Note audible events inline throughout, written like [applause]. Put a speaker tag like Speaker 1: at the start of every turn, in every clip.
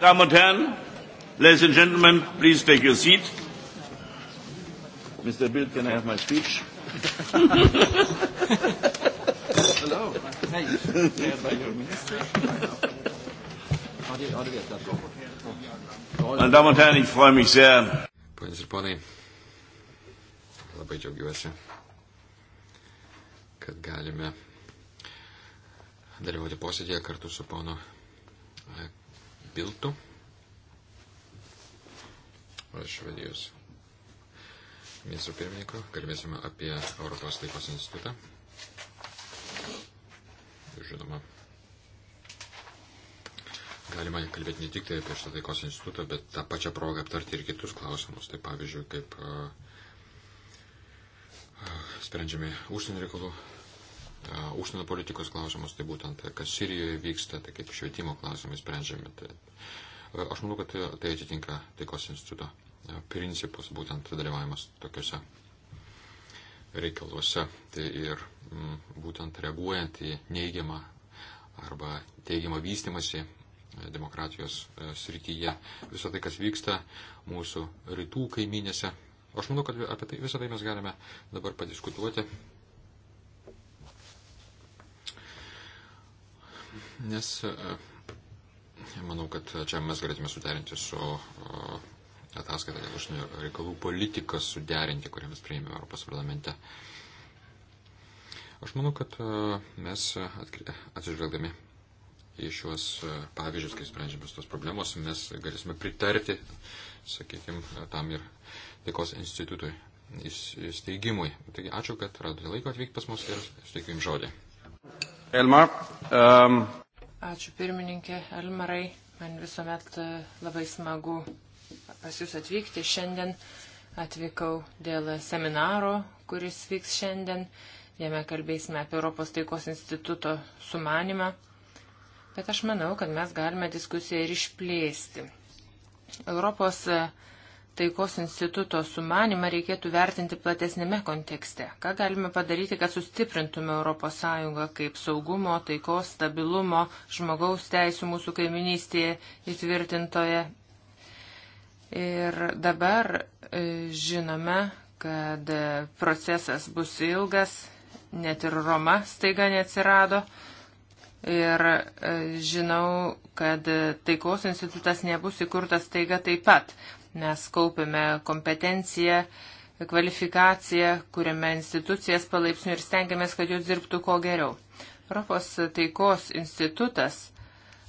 Speaker 1: Damen und Herren, ladies and gentlemen, please take your seat. Mr. Bild, can I have my speech? Hello. Hej. Meine Damen und
Speaker 2: Herren, ich freue mich sehr. Ponios ir ponai, labai džiaugiuosi, kad galime dalyvauti posėdėje kartu su ponu kiltų Švedijos ministro pirmininko. Kalbėsime apie Europos taikos institutą. Žinoma, galima kalbėti ne tik tai apie šitą taikos institutą, bet tą pačią progą aptarti ir kitus klausimus. Tai pavyzdžiui, kaip uh, uh, sprendžiami užsienio reikalų užsienio politikos klausimus, tai būtent, kas Sirijoje vyksta, tai kaip švietimo klausimai sprendžiami. Tai, aš manau, kad tai atitinka taikos instituto principus, būtent dalyvavimas tokiuose reikaluose. Tai ir m, būtent reaguojant į neigiamą arba teigiamą vystimasi demokratijos srityje, visą tai, kas vyksta mūsų rytų kaiminėse. Aš manau, kad apie tai visą tai mes galime dabar padiskutuoti nes e, manau, kad čia mes galėtume suderinti su e, ataskaita dėl užsienio reikalų politiką suderinti, kurią mes priėmėme Europos parlamente. Aš manau, kad e, mes atsižvelgdami į šiuos pavyzdžius, kai sprendžiamas tos problemos, mes galėsime pritarti, sakykime, tam ir taikos institutui įsteigimui. Taigi ačiū, kad radote laiko atvykti pas mus ir suteikiu jums žodį.
Speaker 3: Elmar, um...
Speaker 1: Ačiū pirmininkė Elmarai. Man visuomet e, labai smagu pas Jūs atvykti. Šiandien atvykau dėl seminaro, kuris vyks šiandien. Jame kalbėsime apie Europos taikos instituto sumanimą. Bet aš manau, kad mes galime diskusiją ir išplėsti. Europos e, taikos instituto sumanimą reikėtų vertinti platesnėme kontekste. Ką galime padaryti, kad sustiprintume ES kaip saugumo, taikos, stabilumo, žmogaus teisų mūsų kaiminystėje įtvirtintoje. Ir dabar e, žinome, kad procesas bus ilgas, net ir Roma staiga neatsirado. Ir e, žinau, kad taikos institutas nebus įkurtas taiga taip pat. Mes kaupėme kompetenciją, kvalifikaciją, kuriame institucijas palaipsniui ir stengiamės, kad jūs dirbtų kuo geriau. Europos taikos institutas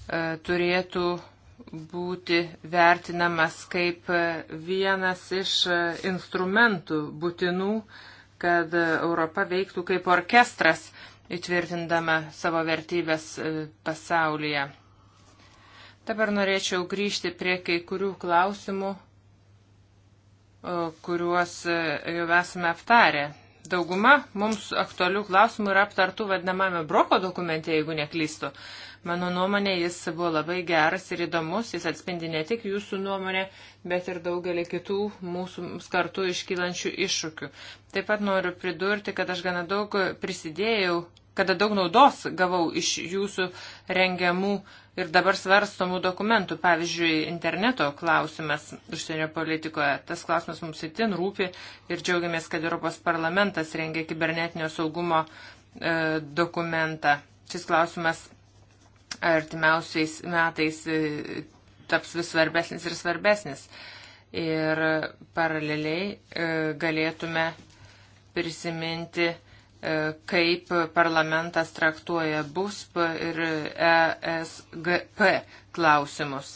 Speaker 1: e, turėtų būti vertinamas kaip vienas iš e, instrumentų būtinų, kad Europa veiktų kaip orkestras, įtvirtindama savo vertybės e, pasaulyje. Dabar norėčiau grįžti prie kai kurių klausimų, kuriuos e, jau esame aptarę. Dauguma mums aktualių klausimų yra aptartų vadinamame broko dokumente, jeigu neklystu. Mano nuomonė, jis buvo labai geras ir įdomus, jis atspindi ne tik jūsų nuomonę, bet ir daugelį kitų mūsų kartu iškylančių iššūkių. Taip pat noriu pridurti, kad aš gana daug prisidėjau kada daug naudos gavau iš jūsų rengiamų ir dabar svarstomų dokumentų, pavyzdžiui, interneto klausimas užsienio politikoje. Tas klausimas mums įtin rūpi ir džiaugiamės, kad Europos parlamentas rengia kibernetinio saugumo e, dokumentą. Šis klausimas artimiausiais metais e, taps vis svarbesnis ir svarbesnis. Ir paraleliai e, galėtume prisiminti e, E, kaip parlamentas traktuoja BUSP ir ESGP klausimus.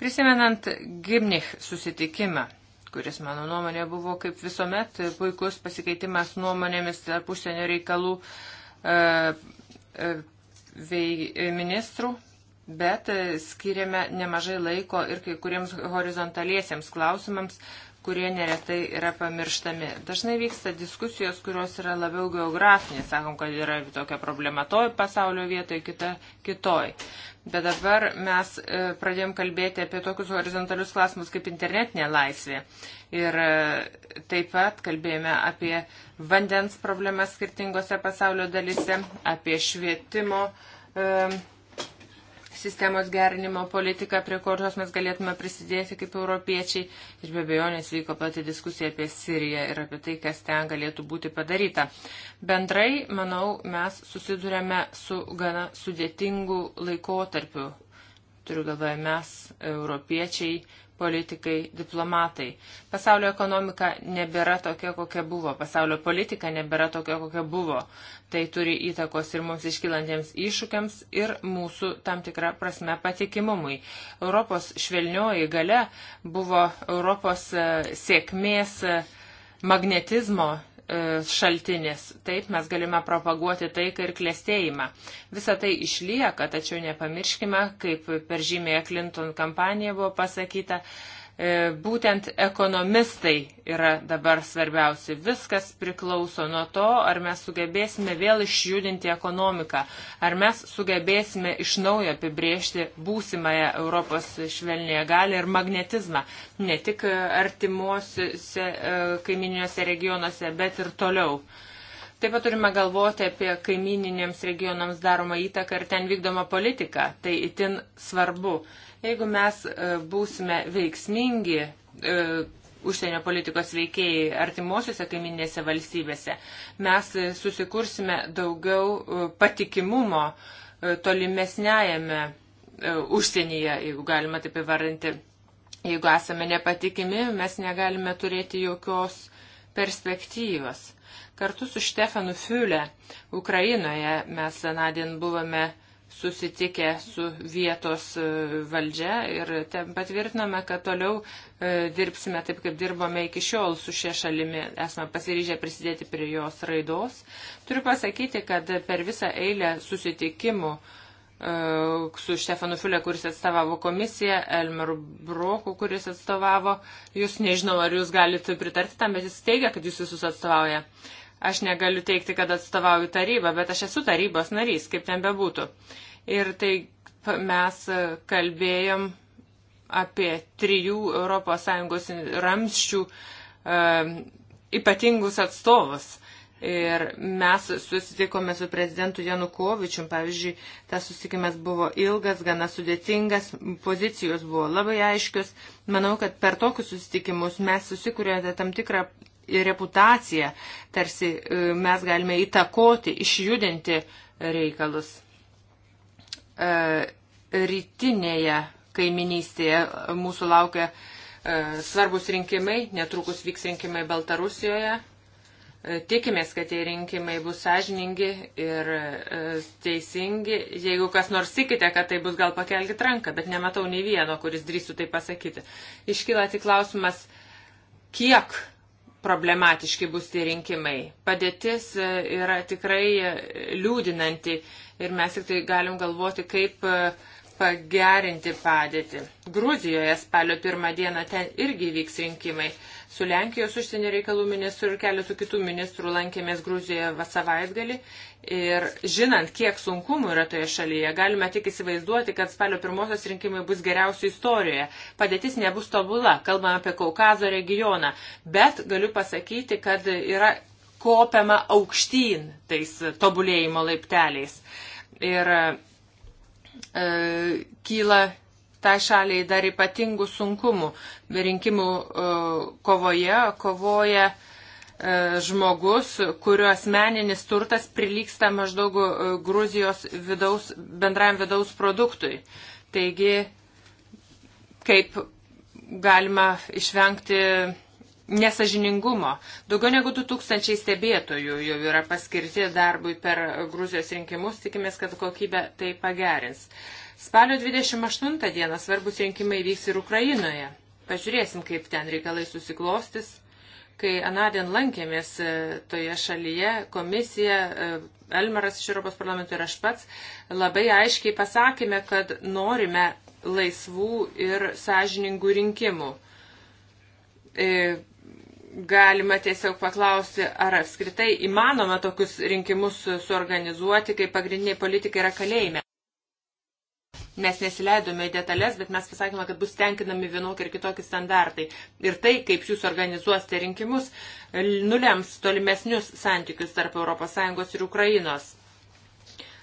Speaker 1: Prisimenant Gimnich susitikimą, kuris, mano nuomonė, buvo kaip visuomet puikus pasikeitimas nuomonėmis tarp užsienio reikalų e, e, ministrų, bet skiriame nemažai laiko ir kai kuriems horizontaliesiems klausimams, kurie neretai yra pamirštami. Dažnai vyksta diskusijos, kurios yra labiau geografinės, sakom, kad yra tokia problema toj pasaulio vietoje, kita kitoj. Bet dabar mes e, pradėjom kalbėti apie tokius horizontalius klausimus kaip internetinė laisvė. Ir e, taip pat kalbėjome apie vandens problemas skirtingose pasaulio dalise, apie švietimo e, sistemos gerinimo politiką, prie kurios mes galėtume prisidėti kaip europiečiai. Ir be abejonės vyko pati diskusija apie Siriją ir apie tai, kas ten galėtų būti padaryta. Bendrai, manau, mes susidurėme su gana sudėtingu laikotarpiu. Turiu galvoje, mes, europiečiai, politikai, diplomatai. Pasaulio ekonomika nebėra tokia, kokia buvo, pasaulio politika nebėra tokia, kokia buvo. Tai turi įtakos ir mums iškilantiems iššūkiams, ir mūsų tam tikrą prasme patikimumui. Europos švelnioji gale buvo Europos e, sėkmės e, magnetizmo E, šaltinis. Taip mes galime propaguoti taiką ir klėstėjimą. Visa tai išlieka, tačiau nepamirškime, kaip per žymėje Clinton kampaniją buvo pasakyta, E, būtent ekonomistai yra dabar svarbiausi. Viskas priklauso nuo to, ar mes sugebėsime vėl išjudinti ekonomiką, ar mes sugebėsime iš naujo apibriežti būsimąją Europos švelnėje galę ir magnetizmą, ne tik artimuosiuose e, kaimininiuose regionuose, bet ir toliau. Taip pat turime galvoti apie kaimininėms regionams daromą įtaką ir ten vykdomą politiką. Tai itin svarbu. Jeigu mes e, būsime veiksmingi e, užsienio politikos veikėjai artimuosiuose kaiminėse valstybėse, mes e, susikursime daugiau patikimumo tolimesnėjame užsienyje, jeigu galima taip įvardinti. Jeigu esame nepatikimi, mes negalime turėti jokios perspektyvos. Kartu su Štefanu Fiule Ukrainoje mes anadien buvome susitikę su vietos e, valdžia ir patvirtiname, kad toliau e, dirbsime taip, kaip dirbome iki šiol su šia šalimi. Esame pasiryžę prisidėti prie jos raidos. Turiu pasakyti, kad per visą eilę susitikimų e, su Štefanu Fiule, kuris atstovavo komisiją, Elmeru Broku, kuris atstovavo, jūs nežinau, ar jūs galite pritarti tam, bet jis teigia, kad jūs visus atstovauja. Uh, Aš negaliu teikti, kad atstovauju tarybą, bet aš esu tarybos narys, kaip ten bebūtų. Ir tai mes e, kalbėjom apie trijų ES ramščių e, ypatingus atstovus. Ir mes susitikome su prezidentu Janukovičium, pavyzdžiui, tas susitikimas buvo ilgas, gana sudėtingas, pozicijos buvo labai aiškios. Manau, kad per tokius susitikimus mes susikūrėte tam tikrą reputaciją, tarsi e, mes galime įtakoti, išjudinti reikalus. E, rytinėje kaiminystėje mūsų laukia e, svarbus rinkimai, netrukus vyks rinkimai Baltarusijoje. Tikimės, kad tie rinkimai bus sąžiningi ir teisingi. Jeigu kas nors tikite, kad tai bus, gal pakelkit ranką, bet nematau nei vieno, kuris drįstų tai pasakyti. Iškyla tik klausimas, kiek problematiški bus tie rinkimai. Padėtis e, yra tikrai e, liūdinanti ir mes tik tai galim galvoti, kaip e, pagerinti padėtį. Gruzijoje spalio pirmą dieną ten irgi vyks rinkimai. Su Lenkijos užsienio reikalų ministru ir keletų kitų ministrų lankėmės Gruzijoje savaitgalį. Ir žinant, kiek sunkumų yra toje šalyje, galime tik įsivaizduoti, kad spalio pirmosios rinkimai bus geriausi istorijoje. Padėtis nebus tobula, kalbame apie Kaukazo regioną. Bet galiu pasakyti, kad yra kopiama aukštyn tais tobulėjimo laipteliais. Ir e, kyla tai šaliai dar ypatingų sunkumų. Rinkimų e, kovoje kovoja e, žmogus, kurio asmeninis turtas priliksta maždaug e, Gruzijos vidaus, bendram vidaus produktui. Taigi, kaip galima išvengti nesažiningumo. Daugiau negu 2000 stebėtojų jau yra paskirti darbui per Gruzijos rinkimus, tikimės, kad kokybę tai pagerins. Uh, Spalio 28 dieną svarbus rinkimai vyks ir Ukrainoje. Pažiūrėsim, kaip ten reikalai susiklostis. Kai anadien lankėmės e, toje šalyje, komisija, e, Elmeras iš Europos parlamento ir aš pats, labai aiškiai pasakėme, kad norime laisvų ir sąžiningų rinkimų. E, galima tiesiog paklausti, ar apskritai įmanoma tokius rinkimus suorganizuoti, kai pagrindiniai politikai yra kalėjime. Mes nesileidome į detalės, bet mes pasakėme, kad bus tenkinami vienokie ir kitokie standartai. Ir tai, kaip jūs organizuosite rinkimus, nulems tolimesnius santykius tarp ES ir Ukrainos.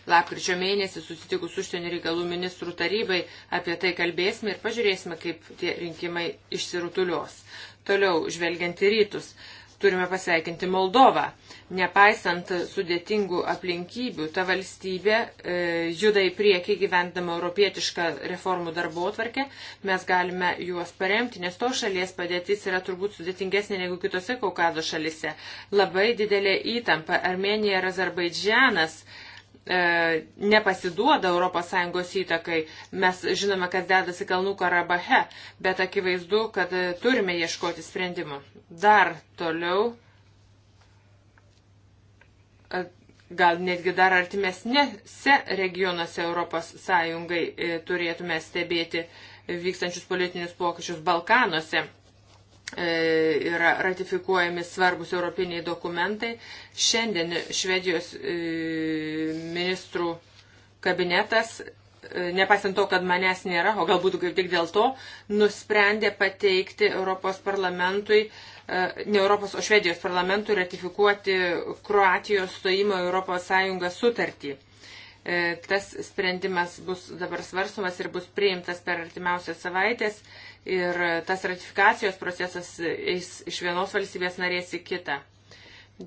Speaker 1: Lapkričio mėnesį susitikus užsienio reikalų ministrų tarybai apie tai kalbėsime ir pažiūrėsime, kaip tie rinkimai išsirutulios. Toliau, žvelgiant į rytus, turime pasveikinti Moldovą. Nepaisant sudėtingų aplinkybių, ta valstybė e, juda į priekį gyvendama europietišką reformų darbo atvarkę. Mes galime juos paremti, nes to šalies padėtis yra turbūt sudėtingesnė negu kitose Kaukazo šalise. Labai didelė įtampa Armenija ir Azerbaidžianas. E, E, nepasiduoda ES įtakai. Mes žinome, kas dedasi Kalnų Karabahe, bet akivaizdu, kad e, turime ieškoti sprendimų. Dar toliau, e, gal netgi dar artimesnėse regionuose ES turėtume stebėti vykstančius politinius pokyčius Balkanuose. E, yra ratifikuojami svarbus europiniai dokumentai. Šiandien Švedijos e, ministrų kabinetas, e, nepaisant to, kad manęs nėra, o galbūt kaip tik dėl to, nusprendė pateikti Europos parlamentui, ne Europos, o Švedijos parlamentui ratifikuoti Kroatijos stojimo Europos Sąjungą sutartį. E, tas sprendimas bus dabar svarstomas ir bus priimtas per artimiausias savaitės ir tas ratifikacijos procesas eis iš vienos valstybės narės į kitą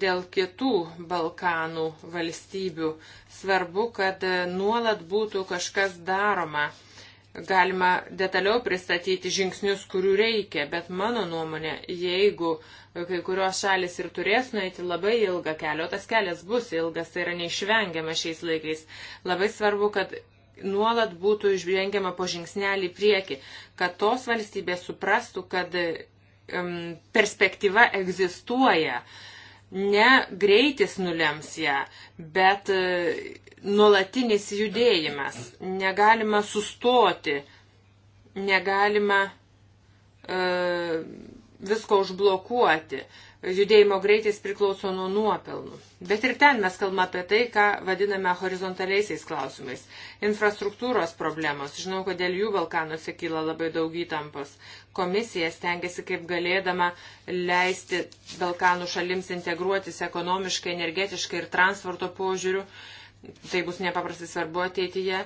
Speaker 1: dėl kitų Balkanų valstybių. Svarbu, kad nuolat būtų kažkas daroma Galima detaliau pristatyti žingsnius, kurių reikia, bet mano nuomonė, jeigu kai kurios šalis ir turės nueiti labai ilgą kelią, o tas kelias bus ilgas, tai yra neišvengiama šiais laikais, labai svarbu, kad nuolat būtų išvengiama po žingsnelį prieki, kad tos valstybės suprastų, kad um, perspektyva egzistuoja, uh, Ne greitis nulems ją, bet e, nuolatinis judėjimas. Negalima sustoti, negalima e, visko užblokuoti. E, judėjimo greitis priklauso nuo nuopelnų. Bet ir ten mes kalbame apie tai, ką vadiname horizontaliaisiais klausimais. Infrastruktūros problemos. Žinau, kad dėl jų Balkanuose kyla labai daug įtampos. Komisija stengiasi kaip galėdama leisti Balkanų šalims integruotis ekonomiškai, energetiškai ir transporto požiūriu. Tai bus nepaprastai svarbu ateityje,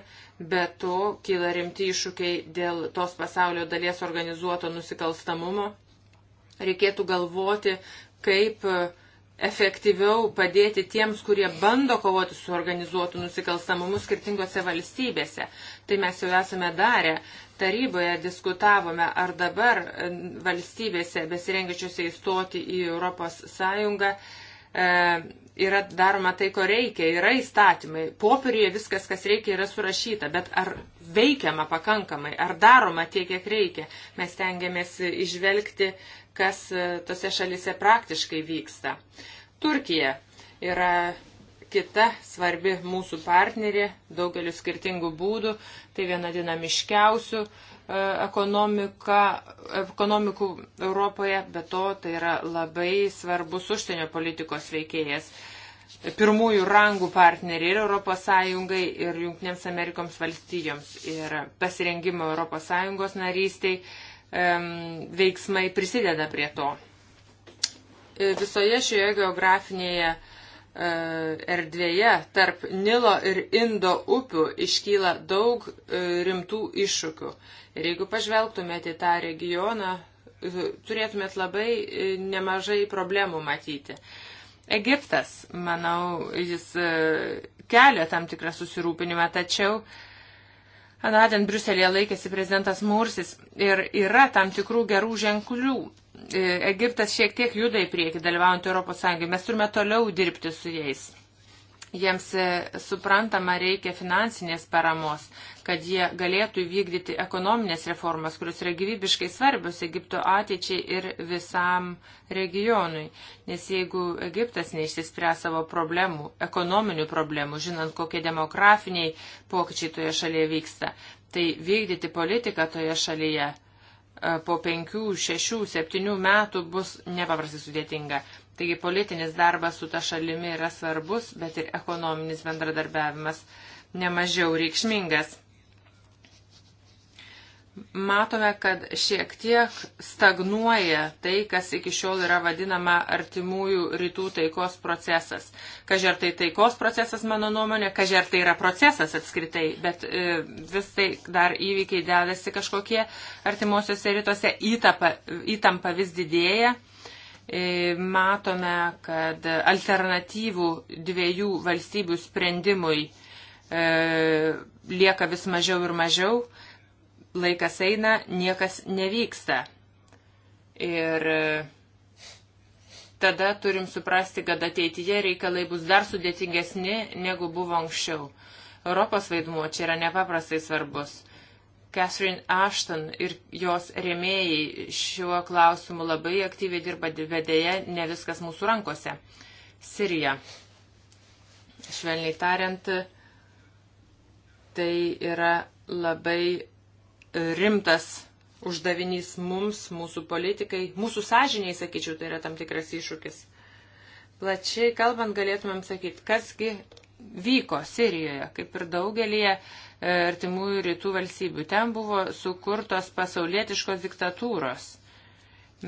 Speaker 1: bet to kyla rimti iššūkiai dėl tos pasaulio dalies organizuoto nusikalstamumo reikėtų galvoti, kaip e, efektyviau padėti tiems, kurie bando kovoti su organizuotu nusikalstamumu skirtingose valstybėse. Tai mes jau esame darę. Taryboje diskutavome, ar dabar e, valstybėse besirengiačiuose įstoti į Europos Sąjungą e, yra daroma tai, ko reikia, yra įstatymai, popieriuje viskas, kas reikia, yra surašyta, bet ar veikiama pakankamai, ar daroma tiek, kiek reikia, mes tengiamės išvelgti, kas e, tose šalise praktiškai vyksta. Turkija yra kita svarbi mūsų partnerė daugeliu skirtingų būdų, tai viena dinamiškiausių E, ekonomika, ekonomikų Europoje, bet to tai yra labai svarbus užsienio politikos veikėjas. Pirmųjų rangų partneriai ir ES ir Junktinėms Amerikoms valstijoms ir pasirengimo ES narystiai veiksmai prisideda prie to. E, visoje šioje geografinėje uh, E, erdvėje tarp Nilo ir Indo upių iškyla daug e, rimtų iššūkių. Ir jeigu pažvelgtumėte į tą regioną, e, turėtumėt labai nemažai problemų matyti. Egiptas, manau, jis kelia tam tikrą susirūpinimą, tačiau uh, Anadien Briuselėje laikėsi prezidentas Mursis ir yra tam tikrų gerų ženklių. E, Egiptas šiek tiek juda į priekį dalyvaujant ES. Mes turime toliau dirbti su jais jiems e, suprantama reikia finansinės paramos, kad jie galėtų įvykdyti ekonominės reformas, kurios yra gyvybiškai svarbios Egipto ateičiai ir visam regionui. Nes jeigu Egiptas neišsispręs savo problemų, ekonominių problemų, žinant, kokie demografiniai pokyčiai toje šalyje vyksta, tai vykdyti politiką toje šalyje e, po penkių, šešių, septynių metų bus nepaprastai sudėtinga. Taigi politinis darbas su ta šalimi yra svarbus, bet ir ekonominis bendradarbiavimas nemažiau reikšmingas. Matome, kad šiek tiek stagnuoja tai, kas iki šiol yra vadinama artimųjų rytų taikos procesas. Kažiar tai taikos procesas, mano nuomonė, kažiar tai yra procesas atskritai, bet e, vis tai dar įvykiai dedasi kažkokie artimuosiuose rytuose, įtampa, įtampa vis didėja. E, E, matome, kad alternatyvų dviejų valstybių sprendimui e, lieka vis mažiau ir mažiau, laikas eina, niekas nevyksta. Ir e, tada turim suprasti, kad ateityje reikalai bus dar sudėtingesni, negu buvo anksčiau. Europos vaidmuo čia yra nepaprastai svarbus. Catherine Ashton ir jos rėmėjai šiuo klausimu labai aktyviai dirba, bet dėja ne viskas mūsų rankose. Sirija. Švelniai tariant, tai yra labai rimtas uždavinys mums, mūsų politikai, mūsų sąžiniai, sakyčiau, tai yra tam tikras iššūkis. Plačiai kalbant, galėtumėm sakyti, kasgi vyko Sirijoje, kaip ir daugelie uh, E, artimųjų rytų valstybių. Ten buvo sukurtos pasaulietiškos diktatūros.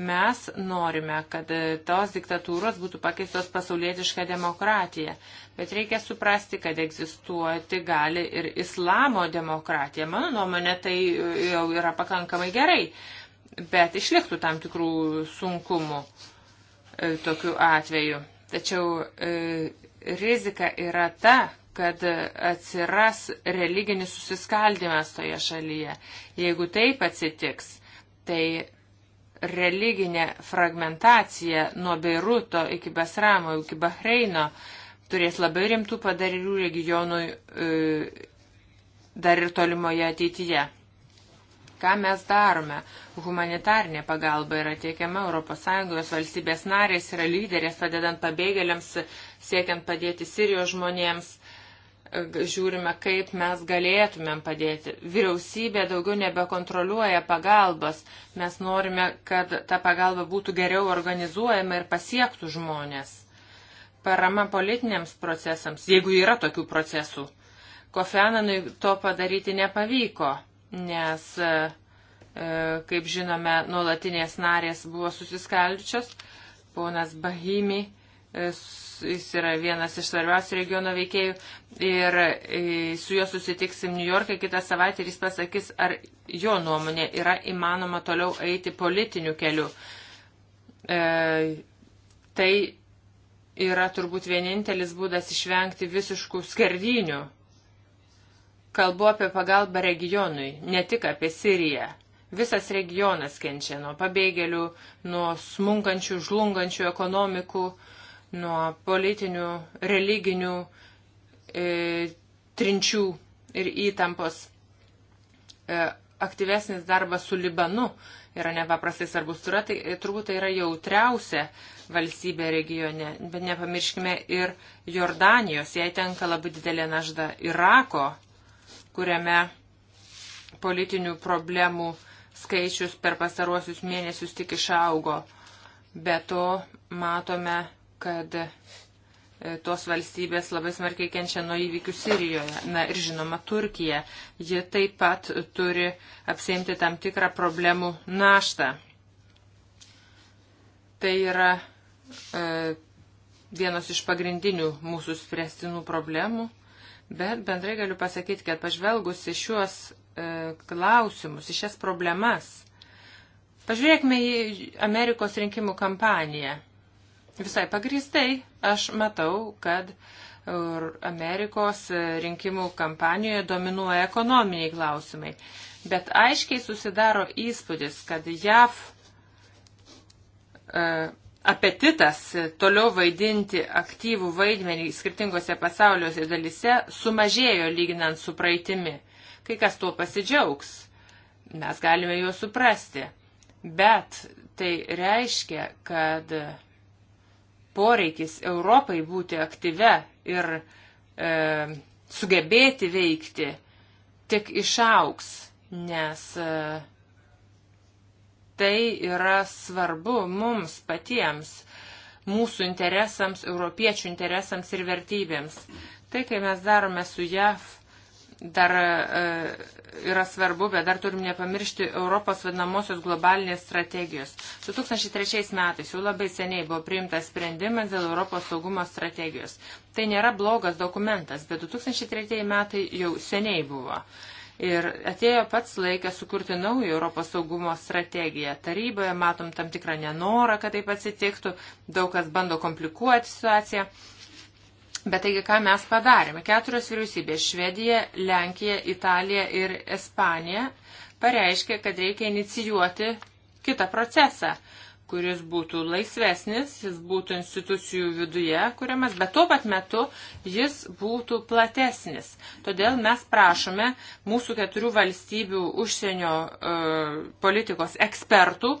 Speaker 1: Mes norime, kad e, tos diktatūros būtų pakeistos pasaulietišką demokratiją, bet reikia suprasti, kad egzistuoti gali ir islamo demokratija. Mano nuomonė, tai e, jau yra pakankamai gerai, bet išliktų tam tikrų sunkumų tokiu atveju. Tačiau e, rizika yra ta, kad atsiras religinis susiskaldimas toje šalyje. Jeigu taip atsitiks, tai religinė fragmentacija nuo Beiruto iki Basramo, iki Bahreino turės labai rimtų padarinių regionui e, dar ir tolimoje ateityje. Ką mes darome? Humanitarnė pagalba yra tiekiama ES valstybės narės, yra lyderės padedant pabėgėliams, siekiant padėti Sirijos žmonėms žiūrime, kaip mes galėtumėm padėti. Vyriausybė daugiau nebekontroliuoja pagalbos. Mes norime, kad ta pagalba būtų geriau organizuojama ir pasiektų žmonės. Parama politiniams procesams, jeigu yra tokių procesų. Kofenanui to padaryti nepavyko, nes, e, e, kaip žinome, nuolatinės narės buvo susiskaldžios. Ponas Bahimi E, jis yra vienas iš svarbiausių regiono veikėjų ir e, su juo susitiksim New York'e kitą savaitę ir jis pasakys, ar jo nuomonė yra įmanoma toliau eiti politiniu keliu. E, tai yra turbūt vienintelis būdas išvengti visiškų skerdynių. Kalbu apie pagalbą regionui, ne tik apie Siriją. Visas regionas kenčia nuo pabėgėlių, nuo smunkančių, žlungančių ekonomikų, uh, nuo politinių, religinių e, trinčių ir įtampos. E, aktyvesnis darbas su Libanu yra nepaprastai svarbus. Tai, turbūt tai yra jautriausia valstybė regione, bet nepamirškime ir Jordanijos, jai tenka labai didelė nažda Irako, kuriame politinių problemų skaičius per pastaruosius mėnesius tik išaugo. Be to matome kad e, tos valstybės labai smarkiai kenčia nuo įvykių Sirijoje. Na ir žinoma, Turkija. Ji taip pat turi apsiimti tam tikrą problemų naštą. Tai yra e, vienos iš pagrindinių mūsų spręstinų problemų. Bet bendrai galiu pasakyti, kad pažvelgus į šiuos e, klausimus, į šias problemas, pažiūrėkime į Amerikos rinkimų kampaniją Visai pagristai aš matau, kad Amerikos rinkimų kampanijoje dominuoja ekonominiai klausimai. Bet aiškiai susidaro įspūdis, kad JAV e, apetitas toliau vaidinti aktyvų vaidmenį skirtingose pasauliuose dalise sumažėjo lyginant su praeitimi. Kai kas tuo pasidžiaugs, mes galime juos suprasti. Bet tai reiškia, kad poreikis Europai būti aktyve ir e, sugebėti veikti tik išauks, nes e, tai yra svarbu mums patiems, mūsų interesams, europiečių interesams ir vertybėms. Tai, kai mes darome su JAV dar e, yra svarbu, bet dar turim nepamiršti Europos vadinamosios globalinės strategijos. 2003 metais jau labai seniai buvo priimtas sprendimas dėl Europos saugumo strategijos. Tai nėra blogas dokumentas, bet 2003 metai jau seniai buvo. Ir atėjo pats laikas sukurti naują Europos saugumo strategiją. Taryboje matom tam tikrą nenorą, kad taip atsitiktų, daug kas bando komplikuoti situaciją. Bet taigi, ką mes padarėme? Keturios vyriausybės - Švedija, Lenkija, Italija ir Ispanija - pareiškė, kad reikia inicijuoti kitą procesą, kuris būtų laisvesnis, jis būtų institucijų viduje kuriamas, bet tuo pat metu jis būtų platesnis. Todėl mes prašome mūsų keturių valstybių užsienio e, politikos ekspertų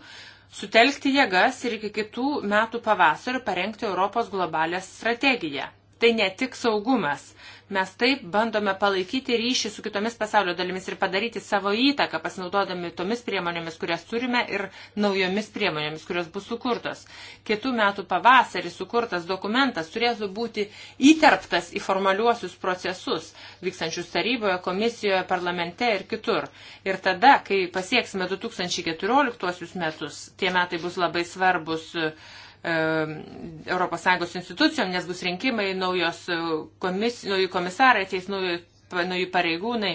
Speaker 1: sutelkti jėgas ir iki kitų metų pavasario parengti Europos globalę strategiją tai ne tik saugumas. Mes taip bandome palaikyti ryšį su kitomis pasaulio dalimis ir padaryti savo įtaką, pasinaudodami tomis priemonėmis, kurias turime ir naujomis priemonėmis, kurios bus sukurtos. Kitų metų pavasarį sukurtas dokumentas turėtų būti įterptas į formaliuosius procesus, vykstančius taryboje, komisijoje, parlamente ir kitur. Ir tada, kai pasieksime 2014 metus, tie metai bus labai svarbus. Uh, ES institucijom, nes bus rinkimai, naujos e, komis, naujų komisarai, ateis naujų, naujų pareigūnai.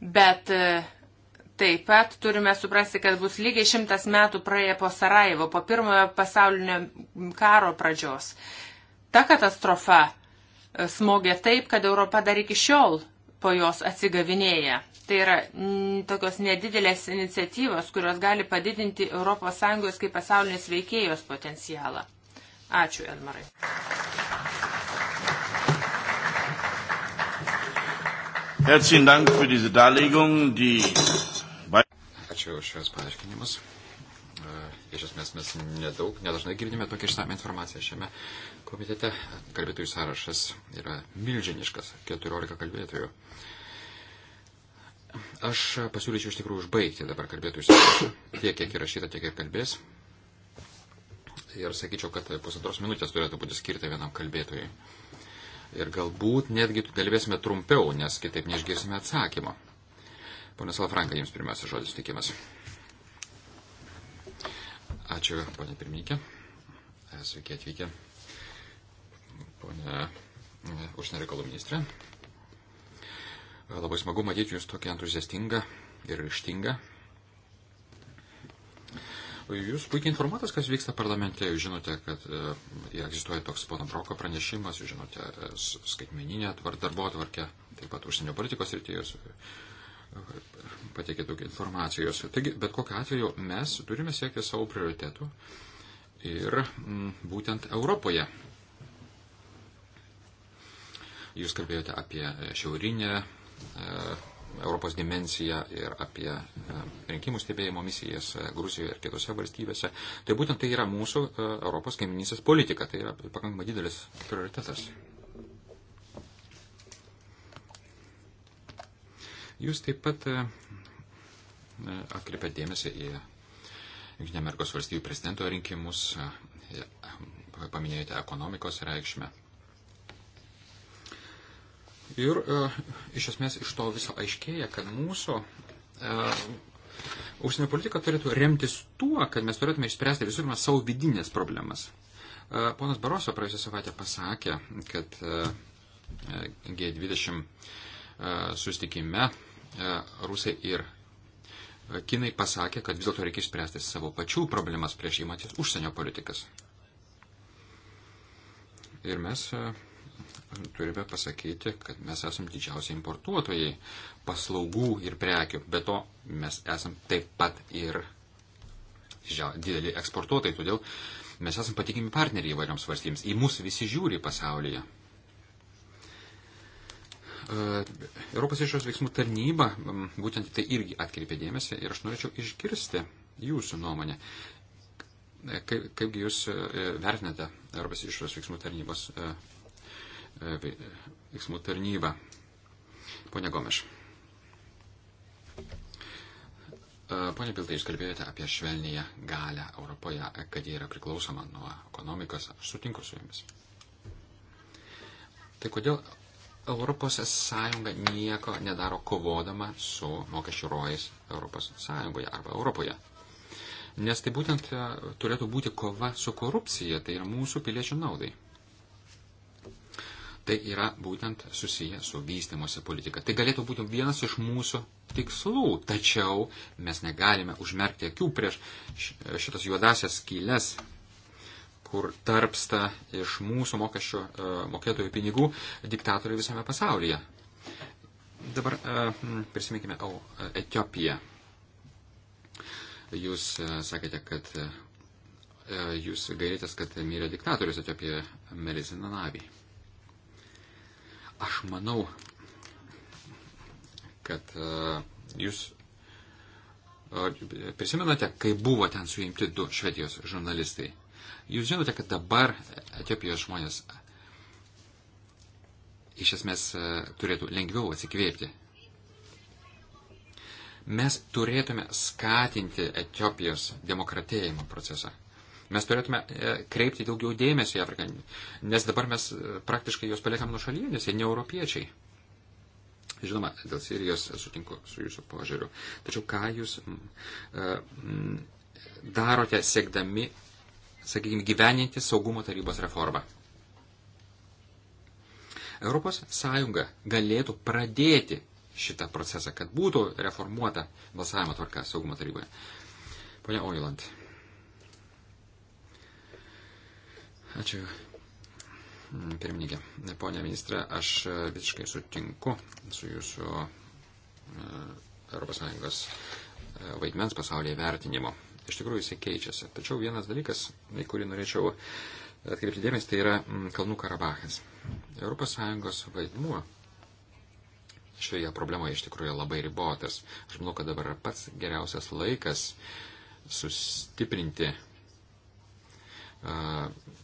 Speaker 1: Bet e, taip pat turime suprasti, kad bus lygiai šimtas metų praėję po Sarajevo, po pirmojo pasaulinio karo pradžios. Ta katastrofa e, smogė taip, kad Europa dar iki šiol po jos atsigavinėja. Tai yra m, mm, tokios nedidelės iniciatyvos, kurios gali padidinti ES kaip pasaulinės veikėjos potencialą. Ačiū, Elmarai.
Speaker 3: Herzlichen Dank für diese Darlegung, die Ačiū už šios paaiškinimus.
Speaker 2: E, iš esmės mes nedaug, nedažnai girdime tokią išsame informaciją šiame komitete. Kalbėtojų sąrašas yra milžiniškas - 14 kalbėtojų. Aš pasiūlyčiau iš tikrųjų užbaigti dabar kalbėtojus tiek, kiek įrašyta, tiek ir kalbės. Ir sakyčiau, kad pusantros minutės turėtų būti skirta vienam kalbėtojui. Ir galbūt netgi kalbėsime trumpiau, nes kitaip neišgirsime atsakymo. Pone Salafranka, jums pirmiausia žodis tikimas. Ačiū, ponė pirmininkė. Sveiki atvykę, ponė užsienio reikalų ministrė. Labai smagu matyti Jūs tokia entuziastinga ir ryštinga. Jūs puikiai informuotas, kas vyksta parlamente, jūs žinote, kad e, egzistuoja toks pono Broko pranešimas, jūs žinote e, skaitmeninę darbo atvarkę, taip pat užsienio politikos rytyje jūs e, pateikė daug informacijos. Taigi, bet kokiu atveju mes turime siekti savo prioritetų ir m, būtent Europoje. Jūs kalbėjote apie e, šiaurinę E, Europos dimensiją ir apie e, rinkimų stebėjimo misijas e, Grusijoje ir kitose valstybėse. Tai būtent tai yra mūsų Europos kaiminysės politika, tai yra pakankamai didelis prioritetas. Jūs taip pat atkreipėt dėmesį į Junktinė Amerikos valstybių prezidento rinkimus, paminėjote ekonomikos reikšmę. Ir e, iš esmės iš to viso aiškėja, kad mūsų e, užsienio politika turėtų remtis tuo, kad mes turėtume išspręsti visų pirma savo vidinės problemas. E, ponas Baroso praėjusią savaitę pasakė, kad e, G20 e, e sustikime e, rusai ir e, Kinai pasakė, kad vis dėlto reikia išspręsti savo pačių problemas prieš įmatis užsienio politikas. Ir mes e, turime pasakyti, kad mes esame didžiausiai importuotojai paslaugų ir prekių. Be to, mes esame taip pat ir dideli eksportuotojai, todėl mes esame patikimi partneriai įvairioms valstybėms. Į mus visi žiūri pasaulyje. E, Europos išorės veiksmų tarnyba būtent tai irgi atkreipė dėmesį ir aš norėčiau išgirsti jūsų nuomonę. Kaip, kaipgi jūs e, vertinate Europos išorės veiksmų tarnybos e, E, veiksmų tarnybą. Pone Gomeš. E, Pone Piltai, jūs kalbėjote apie švelnėje galę Europoje, kad jie yra priklausoma nuo ekonomikos. Aš sutinku su jumis. Tai kodėl Europos Sąjunga nieko nedaro kovodama su mokesčių rojais Europos Sąjungoje arba Europoje? Nes tai būtent e, turėtų būti kova su korupcija, tai yra mūsų piliečių naudai tai yra būtent susiję su vystimosi politika. Tai galėtų būti vienas iš mūsų tikslų, tačiau mes negalime užmerkti akių prieš šitas juodasias skylės, kur tarpsta iš mūsų mokesčio e, mokėtojų pinigų diktatoriai visame pasaulyje. Dabar e, hmm, prisiminkime o, e, Etiopiją. Jūs sakėte, kad jūs gailėtės, kad mirė diktatorius Etiopijoje Melis Nanavi. Aš manau, kad e, jūs e, prisimenate, kai buvo ten suimti du švedijos žurnalistai. Jūs žinote, kad dabar Etiopijos žmonės iš esmės e, turėtų lengviau atsikvėpti. Mes turėtume skatinti Etiopijos demokratėjimo procesą. Mes turėtume e, kreipti daugiau dėmesio į Afriką, nes dabar mes e, praktiškai juos paliekam nuo šalyje, nes jie ne europiečiai. Žinoma, dėl Sirijos sutinku su jūsų požiūriu. Tačiau ką jūs e, darote siekdami, sakykime, gyveninti saugumo tarybos reformą? Europos Sąjunga galėtų pradėti šitą procesą, kad būtų reformuota balsavimo tvarka saugumo taryboje. Pone Oiland. Ačiū. Mm, pirmininkė, ponė ministrė, aš e, visiškai sutinku su jūsų ES e, vaidmens pasaulyje vertinimo. Iš tikrųjų, jisai keičiasi. Tačiau vienas dalykas, į kurį norėčiau atkreipti dėmesį, tai yra mm, Kalnų Karabachas. ES vaidmuo šioje problemoje iš tikrųjų labai ribotas. Aš manau, kad dabar yra pats geriausias laikas sustiprinti uh,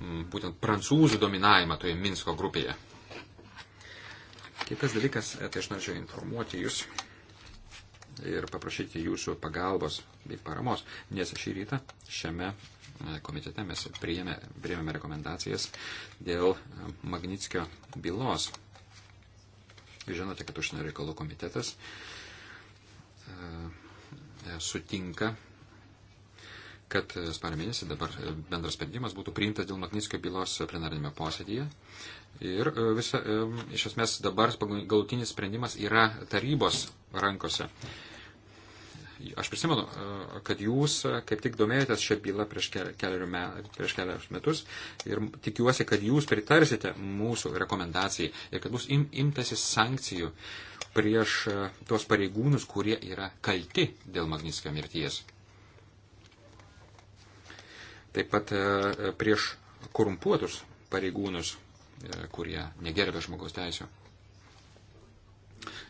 Speaker 2: Mm, būtent prancūzų dominavimą toje Minsko grupėje. Kitas dalykas, e, tai aš norėčiau informuoti jūs ir paprašyti jūsų pagalbos bei paramos, nes šį rytą šiame e, komitete mes priėmė, priėmėme rekomendacijas dėl e, Magnitskio bylos. Jūs žinote, kad užsienio reikalų komitetas sutinka kad spalio mėnesį dabar bendras sprendimas būtų priimtas dėl Maknyskio bylos plenarinėme posėdėje. Ir e, visa, e, iš esmės dabar galutinis sprendimas yra tarybos rankose. Aš prisimenu, e, kad jūs kaip tik domėjotės šią bylą prieš, me, prieš keliarius metus ir tikiuosi, kad jūs pritarsite mūsų rekomendacijai ir kad bus im, imtasi sankcijų prieš tuos pareigūnus, kurie yra kalti dėl Magniskio mirties taip pat e, prieš korumpuotus pareigūnus, e, kurie negerbė žmogaus teisų.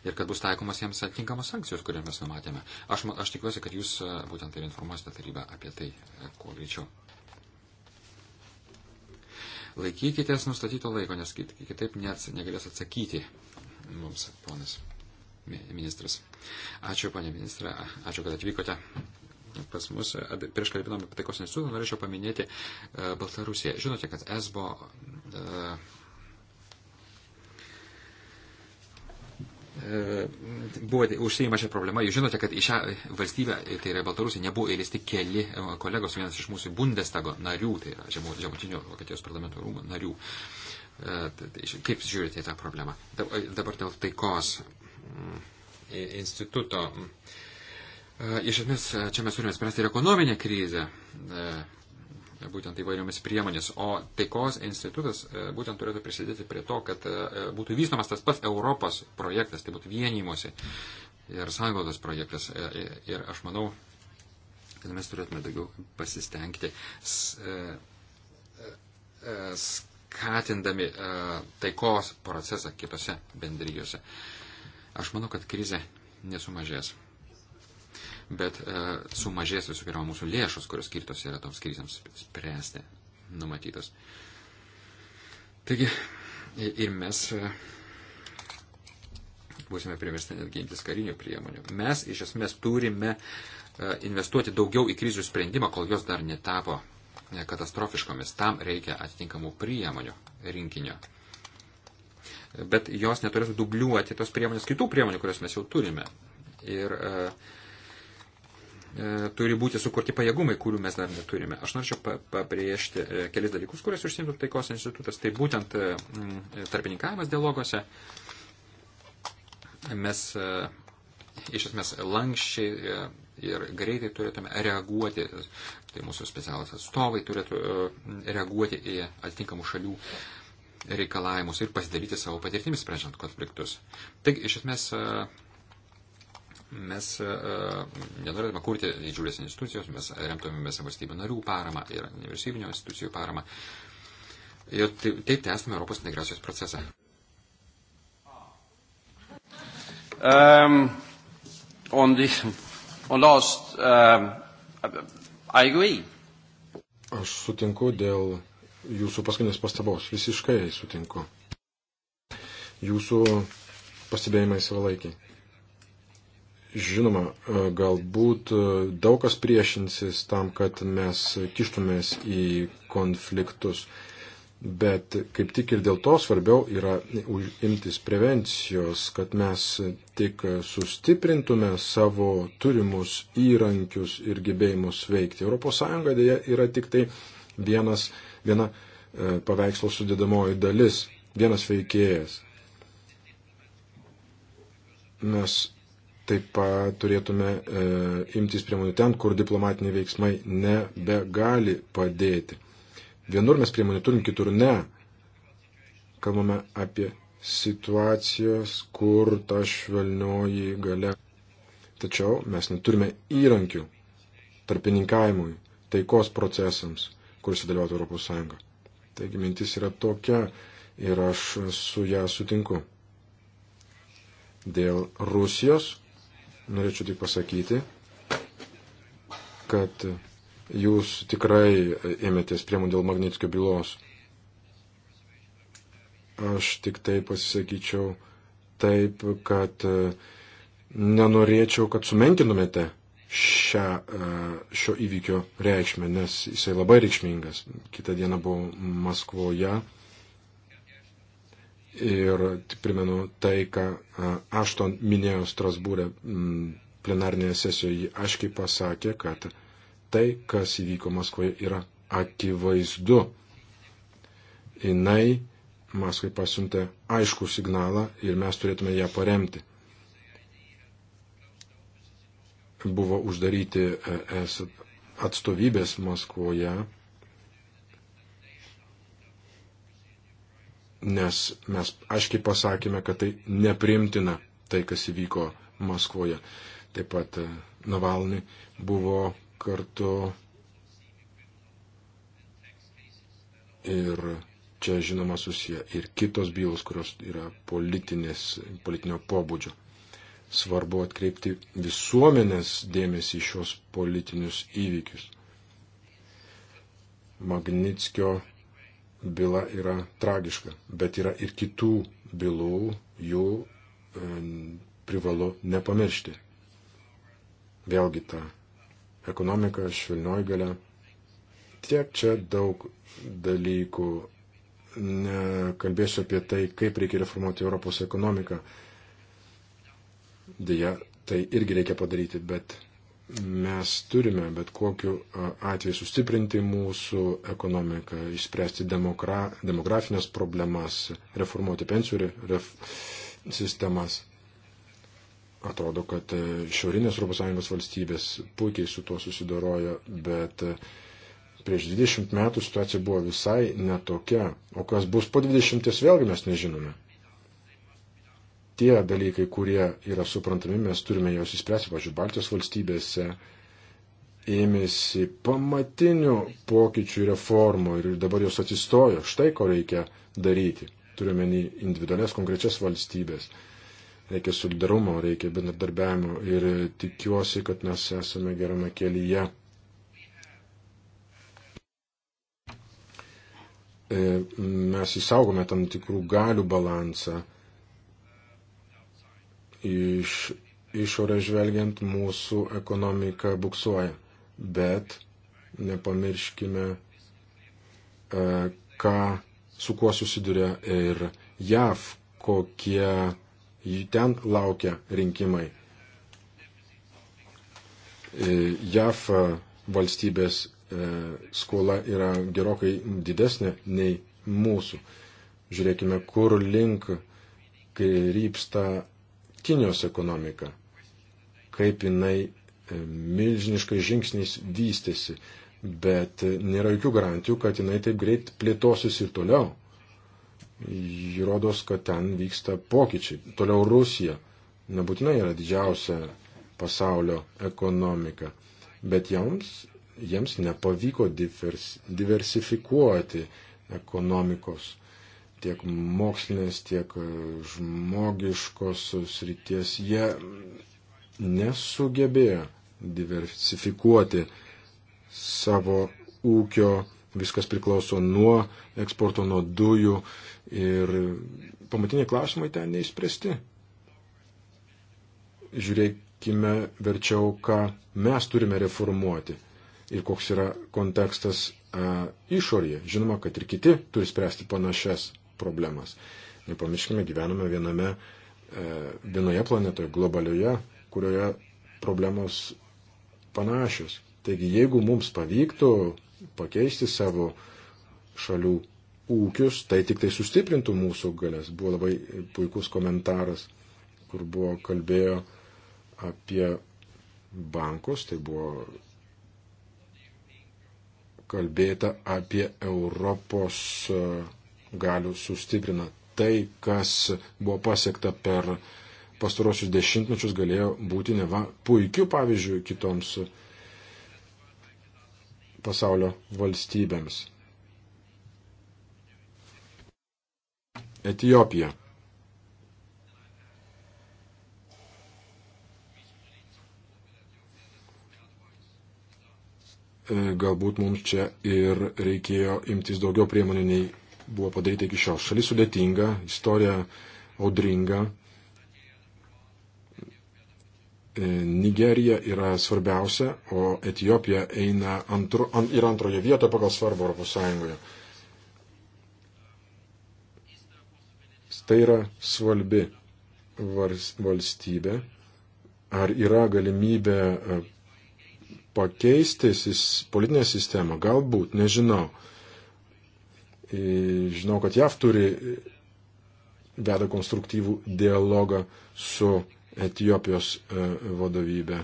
Speaker 2: Ir kad bus taikomas jiems atitinkamos sankcijos, kurias mes numatėme. Aš, aš tikiuosi, kad jūs e, būtent tai ir informuosite tarybą apie tai kuo greičiau. Laikykitės nustatyto laiko, nes kitaip net negalės atsakyti mums, ponas ministras. Ačiū, ponė ministra, ačiū, kad atvykote pas mus, prieš kalbėdami apie taikos institutą, norėčiau paminėti e, Baltarusiją. Žinote, kad ESBO e, e, buvo užsieima šią problemą. Jūs žinote, kad į šią valstybę, tai yra Baltarusiją, nebuvo įleisti keli kolegos, vienas iš mūsų Bundestago narių, tai yra žemutinio Vokietijos parlamento rūmų narių. Tai, tai, kaip žiūrite į tą problemą? Dabar dėl taikos mm, instituto. Uh, Iš esmės, čia mes turime spręsti ir ekonominę krizę, e, būtent įvairiomis priemonės, o taikos institutas e, būtent turėtų prisidėti prie to, kad e, būtų vystomas tas pats Europos projektas, tai būtų vienymosi ir sąjungos projektas. Ir aš manau, kad mes turėtume daugiau pasistengti skatindami taikos procesą kitose bendryjose. Aš manau, kad krize nesumažės bet e, sumažės visų pirma mūsų lėšos, kurios skirtos yra toms krizėms spręsti numatytos. Taigi, ir mes e, būsime priversti net gintis karinių priemonių. Mes iš esmės turime e, investuoti daugiau į krizių sprendimą, kol jos dar netapo katastrofiškomis. Tam reikia atitinkamų priemonių rinkinio. Bet jos neturėtų dubliuoti tos priemonės, kitų priemonių, kurias mes jau turime. Ir uh, E, turi būti sukurti pajėgumai, kurių mes dar neturime. Aš norėčiau pabrėžti e, kelis dalykus, kurias užsimtų taikos institutas. Tai būtent e, tarpininkavimas dialoguose. Mes iš esmės lankščiai ir greitai turėtume reaguoti, tai mūsų specialus atstovai turėtų reaguoti į atitinkamų šalių reikalavimus ir pasidaryti savo patirtimis, sprendžiant konfliktus. Taigi, iš esmės, Mes e, nenorėtume kurti didžiulės institucijos, mes remtumėmės valstybių narių paramą ir nevyriausybinio institucijų paramą. Ir tai, taip tęstume Europos integracijos procesą.
Speaker 3: Um, on the, on last, um, I agree. Aš sutinku dėl jūsų paskutinės pastabos. Visiškai sutinku. Jūsų pastebėjimai savalaikiai. Žinoma, e, galbūt e, daug kas priešinsis tam, kad mes kištumės į konfliktus, bet kaip tik ir dėl to svarbiau yra imtis prevencijos, kad mes tik sustiprintume savo turimus įrankius ir gebėjimus veikti. ES dėja yra tik tai vienas, viena e, paveikslo sudėdamoji dalis, vienas veikėjas. Mes Taip pat turėtume e, imtis priemonių ten, kur diplomatiniai veiksmai nebegali padėti. Vienur mes priemonių turim, kitur ne. Kalbame apie situacijas, kur ta švelnioji gale. Tačiau mes neturime įrankių tarpininkavimui, taikos procesams, kuriuose dalyvautų Europos Sąjunga. Taigi mintis yra tokia ir aš su ją sutinku. Dėl Rusijos Norėčiau tik pasakyti, kad jūs tikrai ėmėtės priemonių dėl Magnitskio bylos. Aš tik tai pasisakyčiau taip, kad e, nenorėčiau, kad sumenkinumėte šią, e, šio įvykio reikšmę, nes jisai labai reikšmingas. Kita diena buvau Maskvoje Ir primenu tai, ką Ašton minėjo Strasbūrė plenarnėje sesijoje, ji aiškiai pasakė, kad tai, kas įvyko Maskvoje, yra akivaizdu. Jinai Maskvai pasiuntė aišku signalą ir mes turėtume ją paremti. Buvo uždaryti e, es atstovybės Maskvoje nes mes aiškiai pasakėme, kad tai neprimtina tai, kas įvyko Maskvoje. Taip pat e, Navalny buvo kartu ir čia žinoma susiję ir kitos bylos, kurios yra politinio pobūdžio. Svarbu atkreipti visuomenės dėmesį į šios politinius įvykius. Magnitskio byla yra tragiška, bet yra ir kitų bylų, jų e, privalu nepamiršti. Vėlgi ta ekonomika, švilnioji galia. Tiek čia daug dalykų. Nekalbėsiu apie tai, kaip reikia reformuoti Europos ekonomiką. Deja, tai irgi reikia padaryti, bet mes turime bet kokiu atveju sustiprinti mūsų ekonomiką, išspręsti demokra, demografinės problemas, reformuoti pensijų ref, sistemas. Atrodo, kad e, šiaurinės ES valstybės puikiai su tuo susidorojo, bet e, prieš 20 metų situacija buvo visai netokia. O kas bus po 20, vėlgi mes nežinome tie dalykai, kurie yra suprantami, mes turime juos įspręsti, pažiūrėjau, Baltijos valstybėse ėmėsi pamatinių pokyčių reformų ir dabar jos atsistojo. Štai ko reikia daryti. Turime individualias konkrečias valstybės. Reikia solidarumo, reikia bendradarbiavimo ir tikiuosi, kad mes esame gerame kelyje. E, mes įsaugome tam tikrų galių balansą Iš išorę žvelgiant mūsų ekonomika buksuoja, bet nepamirškime, e, ką, su kuo susiduria ir JAV, kokie ten laukia rinkimai. E, JAV valstybės e, skola yra gerokai didesnė nei mūsų. Žiūrėkime, kur link krypsta Kinijos ekonomika, kaip jinai e, milžiniškai žingsniais vystėsi, bet e, nėra jokių garantijų, kad jinai taip greit plėtosis ir toliau. Įrodos, kad ten vyksta pokyčiai. Toliau Rusija nebūtinai yra didžiausia pasaulio ekonomika, bet joms, jiems nepavyko divers, diversifikuoti ekonomikos tiek mokslinės, tiek e, žmogiškos srities, jie nesugebėjo diversifikuoti savo ūkio, viskas priklauso nuo eksporto, nuo dujų ir pamatiniai klausimai ten neįspręsti. Žiūrėkime verčiau, ką mes turime reformuoti ir koks yra kontekstas a, e, išorėje. Žinoma, kad ir kiti turi spręsti panašias problemas. Nepamirškime, gyvename viename, e, vienoje planetoje, globalioje, kurioje problemos panašios. Taigi, jeigu mums pavyktų pakeisti savo šalių ūkius, tai tik tai sustiprintų mūsų galės. Buvo labai puikus komentaras, kur buvo kalbėjo apie bankus, tai buvo kalbėta apie Europos e, galių sustiprina. Tai, kas buvo pasiekta per pastarosius dešimtmečius, galėjo būti neva puikiu pavyzdžiu kitoms pasaulio valstybėms. Etijopija. E, galbūt mums čia ir reikėjo imtis daugiau priemonių nei buvo padaryta iki šiol. Šalis sudėtinga, istorija audringa. E, Nigerija yra svarbiausia, o Etijopija eina antro, an, ir antroje vietoje pagal svarbą Europos Sąjungoje. Tai yra svarbi valstybė. Ar yra galimybė e, pakeisti politinę sistemą? Galbūt, nežinau. E, žinau, kad JAV turi e, veda konstruktyvų dialogą su Etijopijos e, vadovybė.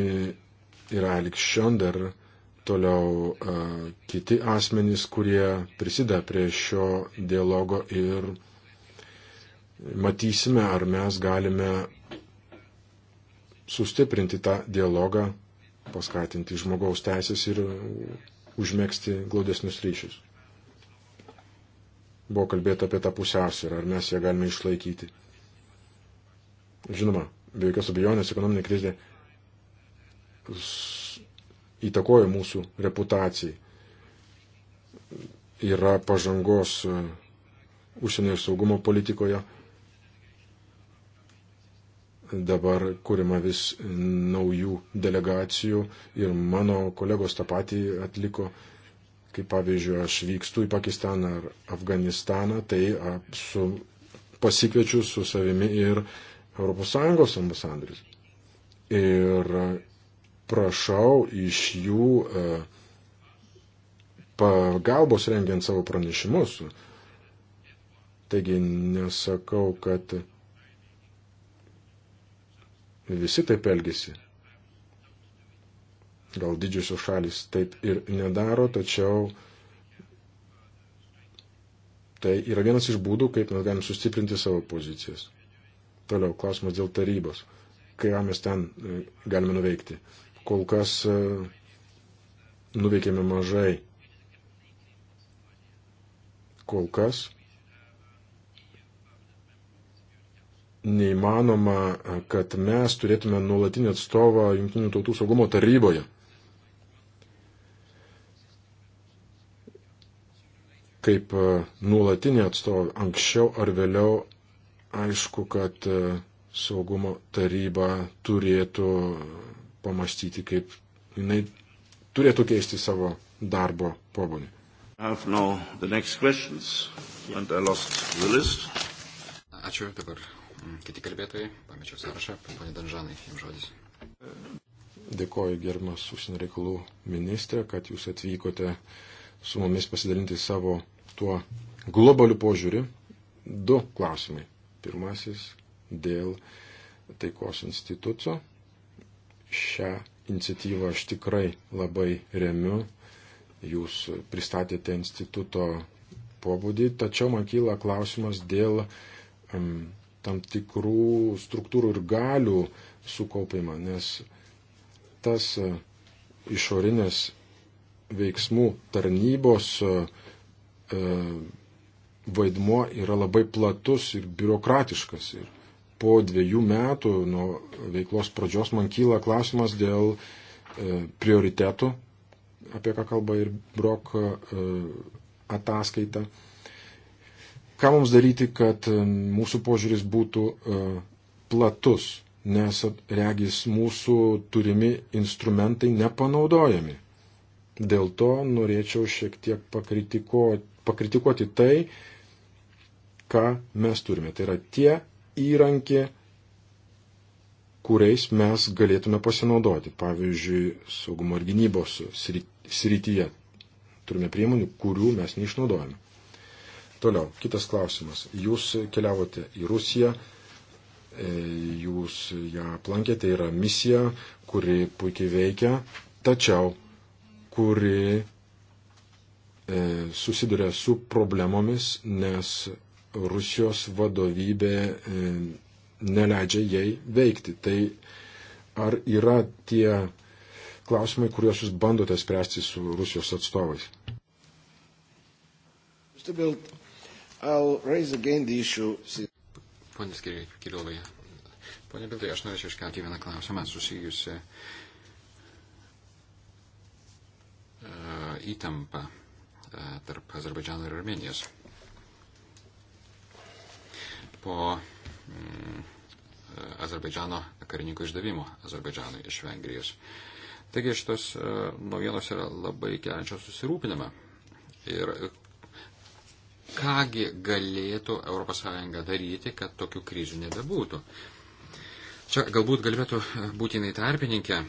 Speaker 3: Yra Alex Šonder, toliau kiti asmenys, kurie prisida prie šio dialogo ir matysime, ar mes galime sustiprinti tą dialogą, paskatinti žmogaus teisės ir užmėgsti glaudesnius ryšius. Buvo kalbėta apie tą pusiausvyrą, ar mes ją galime išlaikyti. Žinoma, be jokios abejonės ekonominė krizė įtakoja mūsų reputacijai. Yra pažangos e, užsienio ir saugumo politikoje dabar kūrima vis naujų delegacijų ir mano kolegos tą patį atliko. Kaip pavyzdžiui, aš vykstu į Pakistaną ar Afganistaną, tai su, pasikviečiu su savimi ir ES ambasadorius. Ir prašau iš jų pagalbos rengiant savo pranešimus. Taigi nesakau, kad Visi taip elgesi. Gal didžiosios šalis taip ir nedaro, tačiau tai yra vienas iš būdų, kaip mes galim sustiprinti savo pozicijas. Toliau, klausimas dėl tarybos. Ką mes ten e, galime nuveikti? Kol kas e, nuveikėme mažai. Kol kas neįmanoma, kad mes turėtume nuolatinį atstovą Junktinių tautų saugumo taryboje. Kaip nuolatinį atstovą anksčiau ar vėliau aišku, kad saugumo taryba turėtų pamastyti, kaip jinai turėtų keisti savo darbo pobūdį.
Speaker 2: Ačiū, dabar Mm, kiti kalbėtojai, pamečiau sąrašą, ponė Danžanai, jums žodis.
Speaker 3: Dėkoju gerbimas užsienio reikalų ministrė, kad jūs atvykote su mumis pasidalinti savo tuo globaliu požiūriu. Du klausimai. Pirmasis dėl taikos instituto. Šią iniciatyvą aš tikrai labai remiu. Jūs pristatėte instituto pobūdį, tačiau man kyla klausimas dėl um, tam tikrų struktūrų ir galių sukaupimą, nes tas e, išorinės veiksmų tarnybos e, e, vaidmuo yra labai platus ir biurokratiškas. Ir po dviejų metų nuo veiklos pradžios man kyla klausimas dėl prioritetų, apie ką kalba ir Brok ataskaita. Ką mums daryti, kad e, mūsų požiūris būtų e, platus, nes regis mūsų turimi instrumentai nepanaudojami. Dėl to norėčiau šiek tiek pakritikuoti, pakritikuoti tai, ką mes turime. Tai yra tie įrankiai, kuriais mes galėtume pasinaudoti. Pavyzdžiui, saugumo ir gynybos srityje turime priemonių, kurių mes neišnaudojame. Toliau, kitas klausimas. Jūs keliavote į Rusiją, e, jūs ją aplankėte, tai yra misija, kuri puikiai veikia, tačiau kuri e, susiduria su problemomis, nes Rusijos vadovybė e, neleidžia jai veikti. Tai ar yra tie klausimai, kuriuos jūs bandote spręsti su Rusijos atstovais? Mr. Bild, I'll raise again the issue.
Speaker 2: Pone Kirilovai, pone Biltai, aš norėčiau iškelti vieną klausimą susijusi uh, e, įtampa uh, e, tarp Azerbaidžiano ir Armenijos. Po mm, Azerbaidžiano karininkų išdavimo Azerbaidžianui iš Vengrijos. Taigi šitos uh, naujienos yra labai keliančios susirūpinimą. Ir kągi galėtų ES daryti, kad tokių krizių nebebūtų. Čia galbūt galėtų būti jinai tarpininkė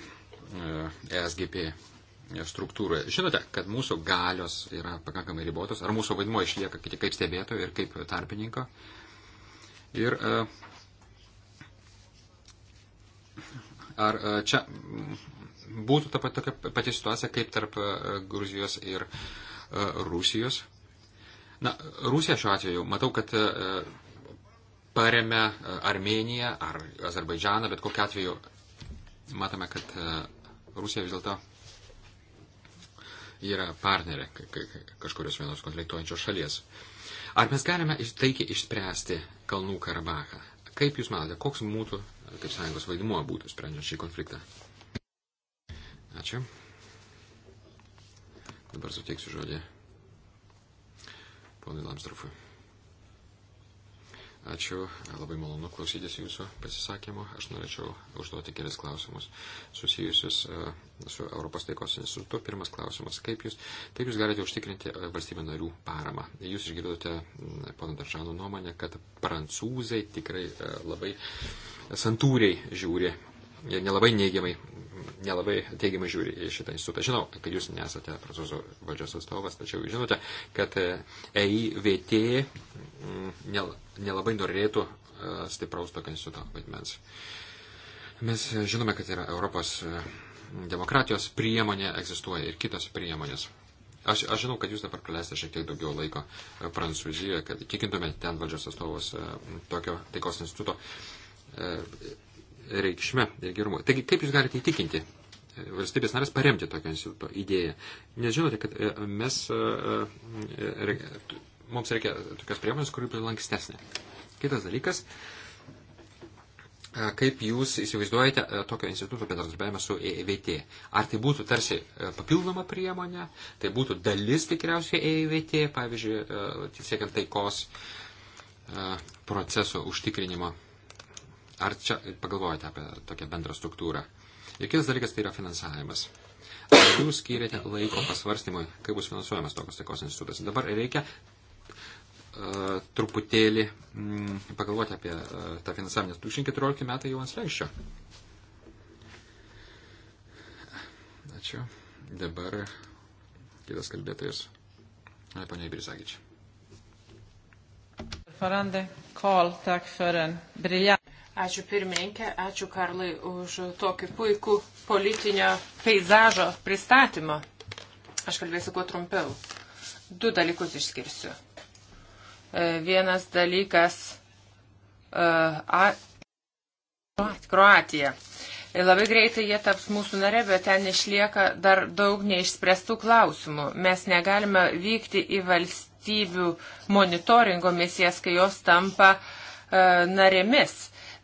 Speaker 2: ESGP e struktūroje. Žinote, kad mūsų galios yra pakankamai ribotos, ar mūsų vaidmuo išlieka kaip stebėtojo ir kaip tarpininko. Ir e, ar e, čia būtų ta pati, tokia pati situacija kaip tarp Gruzijos ir Rusijos? Na, Rusija šiuo atveju, matau, kad e, paremia e, Armeniją ar Azerbaidžaną, bet kokiu atveju matome, kad e, Rusija vis dėlto yra partnerė kažkurios vienos konfliktuojančios šalies. Ar mes galime taikiai išspręsti Kalnų Karabachą? Kaip Jūs manote, koks mūtų, kaip sąjungos vaidmuo būtų sprendžiant šį konfliktą? Ačiū. Dabar suteiksiu žodį ponui Lamstrofui. Ačiū, labai malonu klausytis jūsų pasisakymo. Aš norėčiau užduoti kelis klausimus susijusius e, su Europos taikos institutu. Pirmas klausimas, kaip jūs, kaip jūs galite užtikrinti e, valstybių narių paramą? Jūs išgirdote pono Daržano nuomonę, kad prancūzai tikrai e, labai santūriai žiūri jie nelabai neigiamai, nelabai teigiamai žiūri į šitą institutą. Žinau, kad jūs nesate prancūzų valdžios atstovas, tačiau žinote, kad EIVT e mm, nelabai norėtų e, stipraus tokio instituto vaidmens. Mes žinome, kad yra Europos e, demokratijos priemonė, egzistuoja ir kitos priemonės. Aš, aš žinau, kad jūs dabar praleisite šiek tiek daugiau laiko Prancūzijoje, kad tikintumėte ten valdžios atstovus tokio taikos instituto reikšme ir gerumu. Taigi, kaip jūs galite įtikinti e, valstybės narės paremti tokio instituto idėją? Nes žinote, kad e, mes, e, mums reikia tokios priemonės, kuri būtų lankstesnė. Kitas dalykas, kaip jūs įsivaizduojate tokio instituto bendradarbiavimą su EIVT? Ar tai būtų tarsi papildoma priemonė, tai būtų dalis tikriausiai EIVT, pavyzdžiui, siekiant taikos proceso užtikrinimo Ar čia pagalvojate apie tokią bendrą struktūrą? Ir kitas dalykas tai yra finansavimas. Ar jūs skiriate laiko pasvarstymui, kaip bus finansuojamas tokios taikos institutas? Dabar reikia uh, truputėlį mm, pagalvoti apie uh, tą finansavimą, nes 2014 metai jau ant slengščio. Ačiū. Dabar kitas kalbėtojas. Pane Ibrisagič.
Speaker 1: Ordförande Karl, tack för en briljant Ačiū pirmininkė, ačiū Karlai už tokį puikų politinio peizažo pristatymą. Aš kalbėsiu kuo trumpiau. Du dalykus išskirsiu. E, vienas dalykas e, a, Kroatija. E, labai greitai jie taps mūsų nare, bet ten išlieka dar daug neišspręstų klausimų. Mes negalime vykti į valstybių monitoringo misijas, kai jos tampa uh, narėmis.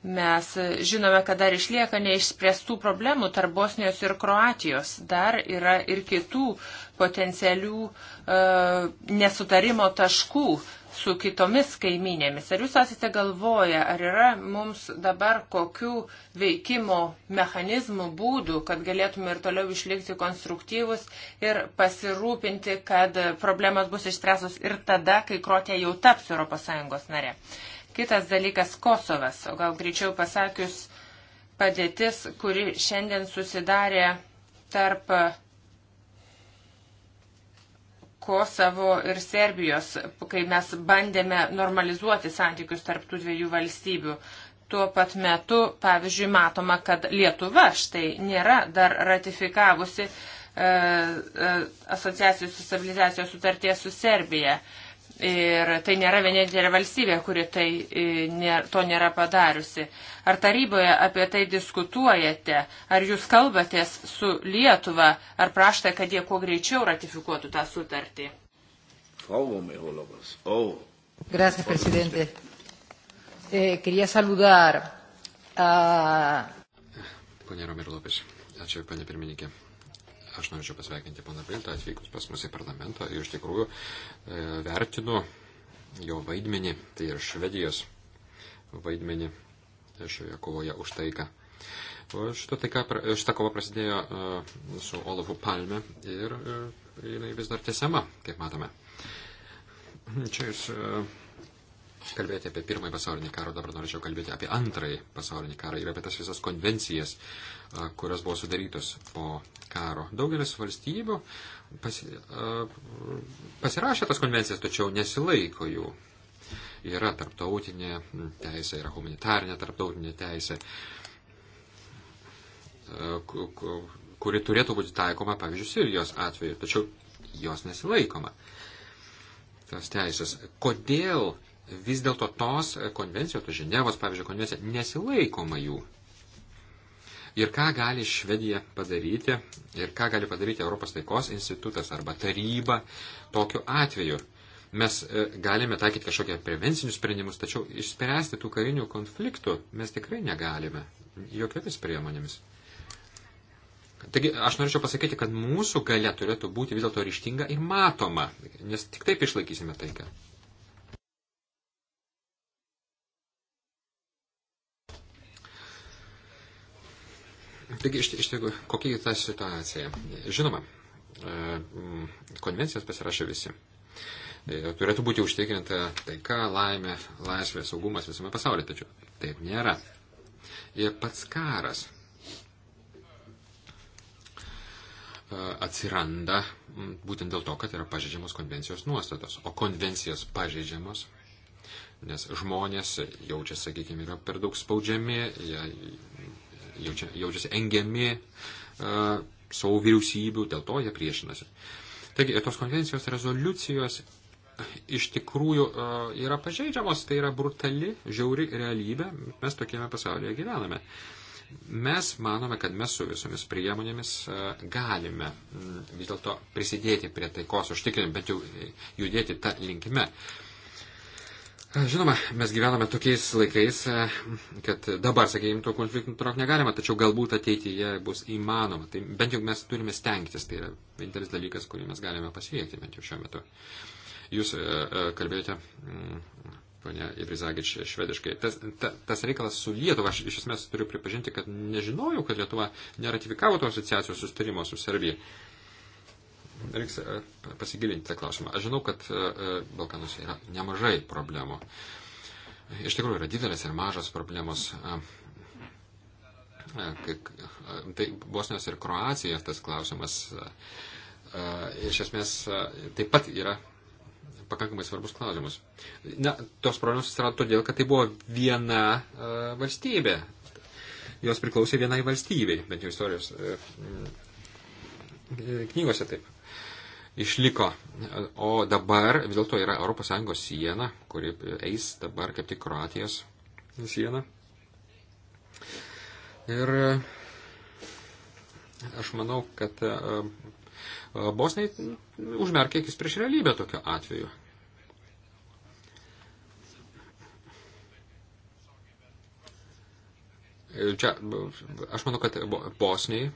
Speaker 1: Mes žinome, kad dar išlieka neišspręstų problemų tarp Bosnijos ir Kroatijos. Dar yra ir kitų potencialių e, nesutarimo taškų su kitomis kaiminėmis. Ar jūs esate galvoję, ar yra mums dabar kokių veikimo mechanizmų būdų, kad galėtume ir toliau išlikti konstruktyvus ir pasirūpinti, kad problemas bus išspręsos ir tada, kai Krotija jau taps ES narė? Kitas dalykas - Kosovas, o gal greičiau pasakius padėtis, kuri šiandien susidarė tarp Kosovo ir Serbijos, kai mes bandėme normalizuoti santykius tarp tų dviejų valstybių. Tuo pat metu, pavyzdžiui, matoma, kad Lietuva štai nėra dar ratifikavusi e, e, asociacijos su stabilizacijos sutarties su Serbija. E, Ir tai nėra vienintelė valstybė, kuri tai, e, nė, to nėra padariusi. Ar taryboje apie tai diskutuojate? Ar jūs kalbatės su Lietuva? Ar prašote, kad jie kuo greičiau ratifikuotų tą sutartį? Oh. Gracias, presidente. Eh, quería saludar a.
Speaker 2: Pone Romero López. Ačiū, pane pirmininkė. Aš norėčiau pasveikinti pana Viltą atvykus pas mus į parlamentą ir iš tikrųjų e, vertinu jo vaidmenį, tai ir Švedijos vaidmenį šioje kovoje už taiką. Šitą, taiką, šitą kovą prasidėjo e, su Olafu Palme ir e, jinai vis dar tęsiama, kaip matome. Čia jūs kalbėti apie pirmąjį pasaulinį karą, dabar norėčiau kalbėti apie antrąjį pasaulinį karą ir apie tas visas konvencijas, kurios buvo sudarytos po karo. Daugelis valstybių pasi, pasirašė tas konvencijas, tačiau nesilaiko jų. Yra tarptautinė teisė, yra humanitarinė tarptautinė teisė, kuri turėtų būti taikoma, pavyzdžiui, Sirijos atveju, tačiau jos nesilaikoma. Tas teisės. Kodėl vis dėlto tos konvencijos, tos Ženevos, pavyzdžiui, konvencija, nesilaikoma jų. Ir ką gali Švedija padaryti, ir ką gali padaryti Europos taikos institutas arba taryba tokiu atveju. Mes e, galime taikyti kažkokią prevencinius sprendimus, tačiau išspręsti tų karinių konfliktų mes tikrai negalime jokiomis priemonėmis. Taigi aš norėčiau pasakyti, kad mūsų galia turėtų būti vis dėlto ryštinga ir matoma, nes tik taip išlaikysime taiką. Taigi, iš, iš tikrųjų, kokia ta situacija? Žinoma, e, konvencijas pasirašė visi. E, turėtų būti užtikrinta taika, laimė, laisvė, saugumas visame pasaulyje, tačiau taip nėra. Ir pats karas e, atsiranda būtent dėl to, kad yra pažeidžiamos konvencijos nuostatos. O konvencijos pažeidžiamos, nes žmonės jaučia, sakykime, yra per daug spaudžiami, jie jaučia, jaučiasi engiami uh, savo vyriausybių, dėl to jie priešinasi. Taigi, tos konvencijos rezoliucijos iš tikrųjų uh, yra pažeidžiamos, tai yra brutali, žiauri realybė, mes tokiame pasaulyje gyvename. Mes manome, kad mes su visomis priemonėmis uh, galime mm, vis dėlto prisidėti prie taikos užtikrinimą, bet jau judėti tą linkme. Uh, Žinoma, mes gyvename tokiais laikais, e, kad dabar, sakykime, to konfliktų nutraukti negalima, tačiau galbūt ateityje bus įmanoma. Tai bent jau mes turime stengtis, tai yra vienintelis dalykas, kurį mes galime pasiekti bent jau šiuo metu. Jūs e, e, kalbėjote, mm, ponia Ivrizagič, švediškai. Tas, ta, tas reikalas su Lietuva, aš iš esmės turiu pripažinti, kad nežinojau, kad Lietuva neratifikavo to asociacijos sustarimo su Serbija. Uh, reiks e, pasigilinti tą klausimą. Aš žinau, kad e, e, Balkanuose yra nemažai problemų. Iš tikrųjų yra didelės ir mažos problemos. Tai Bosnijos ir Kroacijos tas klausimas iš esmės taip pat yra pakankamai svarbus klausimas. Na, tos problemos atsirado todėl, kad tai buvo viena valstybė. Jos priklausė vienai valstybei, bent jau istorijos knygose taip išliko. O dabar vis dėlto yra ES siena, kuri eis dabar kaip tik Kroatijos siena. Ir e, aš manau, kad e, e, Bosniai nu, užmerkė akis prieš realybę tokiu atveju. Čia, aš manau, kad Bosniai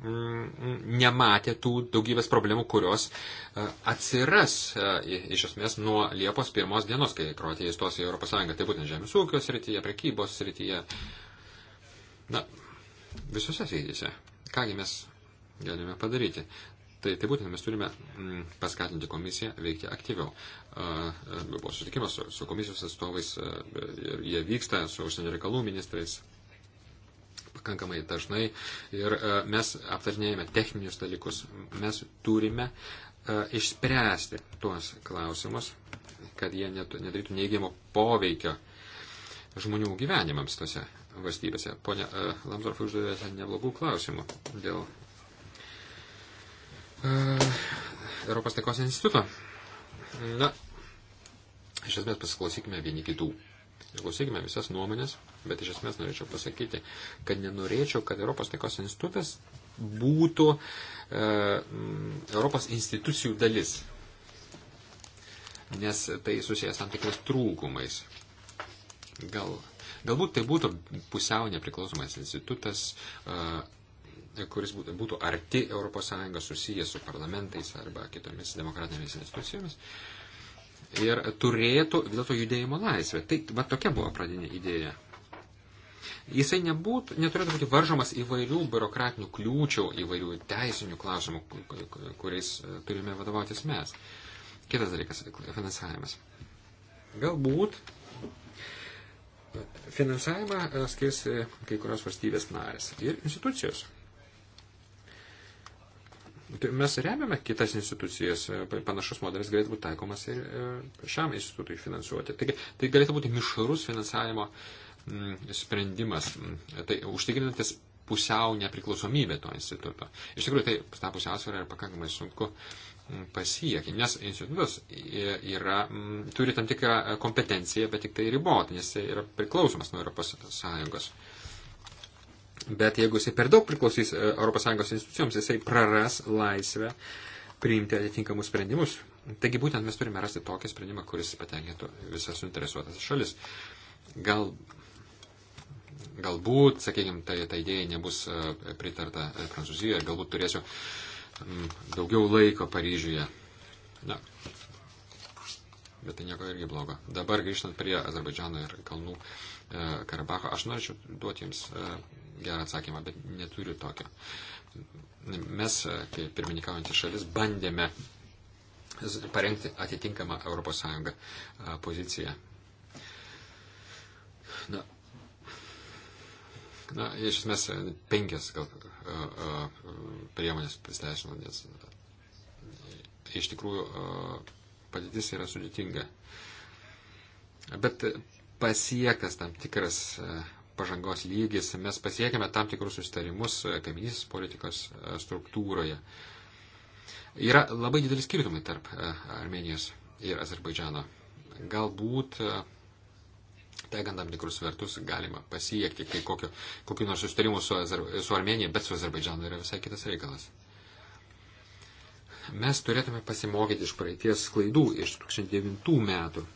Speaker 2: Mm, nematė tų daugybės problemų, kurios e, atsiras e, iš esmės nuo Liepos pirmos dienos, kai Kroatija įstos į Europos Sąjungą. Tai būtent žemės ūkio srityje, prekybos srityje. Na, visose srityse. Kągi mes galime padaryti. Tai, tai būtent mes turime mm, paskatinti komisiją veikti aktyviau. E, buvo susitikimas su, su komisijos atstovais, jie vyksta su užsienio reikalų ministrais, pakankamai dažnai ir e, mes aptarnėjame techninius dalykus. Mes turime e, išspręsti tuos klausimus, kad jie nedarytų neigiamo poveikio žmonių gyvenimams tose valstybėse. Pone e, Lamsdorf uždavė neblogų klausimų dėl Europos taikos instituto. Na, iš esmės pasiklausykime vieni kitų. Išklausykime visas nuomonės, bet iš esmės norėčiau pasakyti, kad nenorėčiau, kad Europos taikos institutas būtų e, mm, Europos institucijų dalis, nes tai susijęs tam tikrais trūkumais. Gal, galbūt tai būtų pusiau nepriklausomas institutas, e, kuris būtų, būtų arti ES susijęs su parlamentais arba kitomis demokratinėmis institucijomis. E, ir turėtų vis dėlto judėjimo laisvę. Tai va tokia buvo pradinė idėja. Jisai nebūt, neturėtų būti varžomas įvairių biurokratinių kliūčių, įvairių teisinių klausimų, kuriais e, turime vadovautis mes. Kitas dalykas - finansavimas. Galbūt finansavimą e, skirs e, kai kurios valstybės narės ir institucijos. Tai mes remiame kitas institucijas, panašus modelis galėtų būti taikomas ir e, šiam institutui finansuoti. Taigi, tai galėtų būti mišrus finansavimo mm, sprendimas, mm, tai užtikrinantis pusiau nepriklausomybė to instituto. Iš tikrųjų, tai tą pusiausvyrą yra pakankamai sunku mm, pasiekti, nes institutas yra, turi tam tikrą e, kompetenciją, bet tik tai ribotą, nes jis yra priklausomas nuo Europos Sąjungos. Uh, Bet jeigu jisai per daug priklausys ES institucijoms, jisai praras laisvę priimti atitinkamus sprendimus. Taigi būtent mes turime rasti tokį sprendimą, kuris patenkintų visas suinteresuotas šalis. Gal, galbūt, sakykime, ta, ta idėja nebus e, pritarta e, Prancūzijoje, galbūt turėsiu daugiau laiko Paryžiuje. Na, bet tai nieko irgi blogo. Dabar grįžtant prie Azerbaidžiano ir Kalnų e, Karabacho, aš norėčiau duoti Jums gerą atsakymą, bet neturiu tokio. Mes, kaip pirmininkaujantys šalis, bandėme parengti atitinkamą ES poziciją. Na, na, iš esmės penkias gal priemonės pasiteisino, nes iš tikrųjų padėtis yra sudėtinga. Bet pasiektas tam tikras pažangos lygis, mes pasiekėme tam tikrus sustarimus e, kaiminys politikos e, struktūroje. Yra labai didelis skirtumai tarp e, Armenijos ir Azerbaidžiano. Galbūt tegant tam tikrus vertus galima pasiekti kai kokio, kokiu nors sustarimu su, Azer, su Armenija, bet su Azerbaidžianu yra visai kitas reikalas. Mes turėtume pasimokyti iš praeities klaidų iš 2009 metų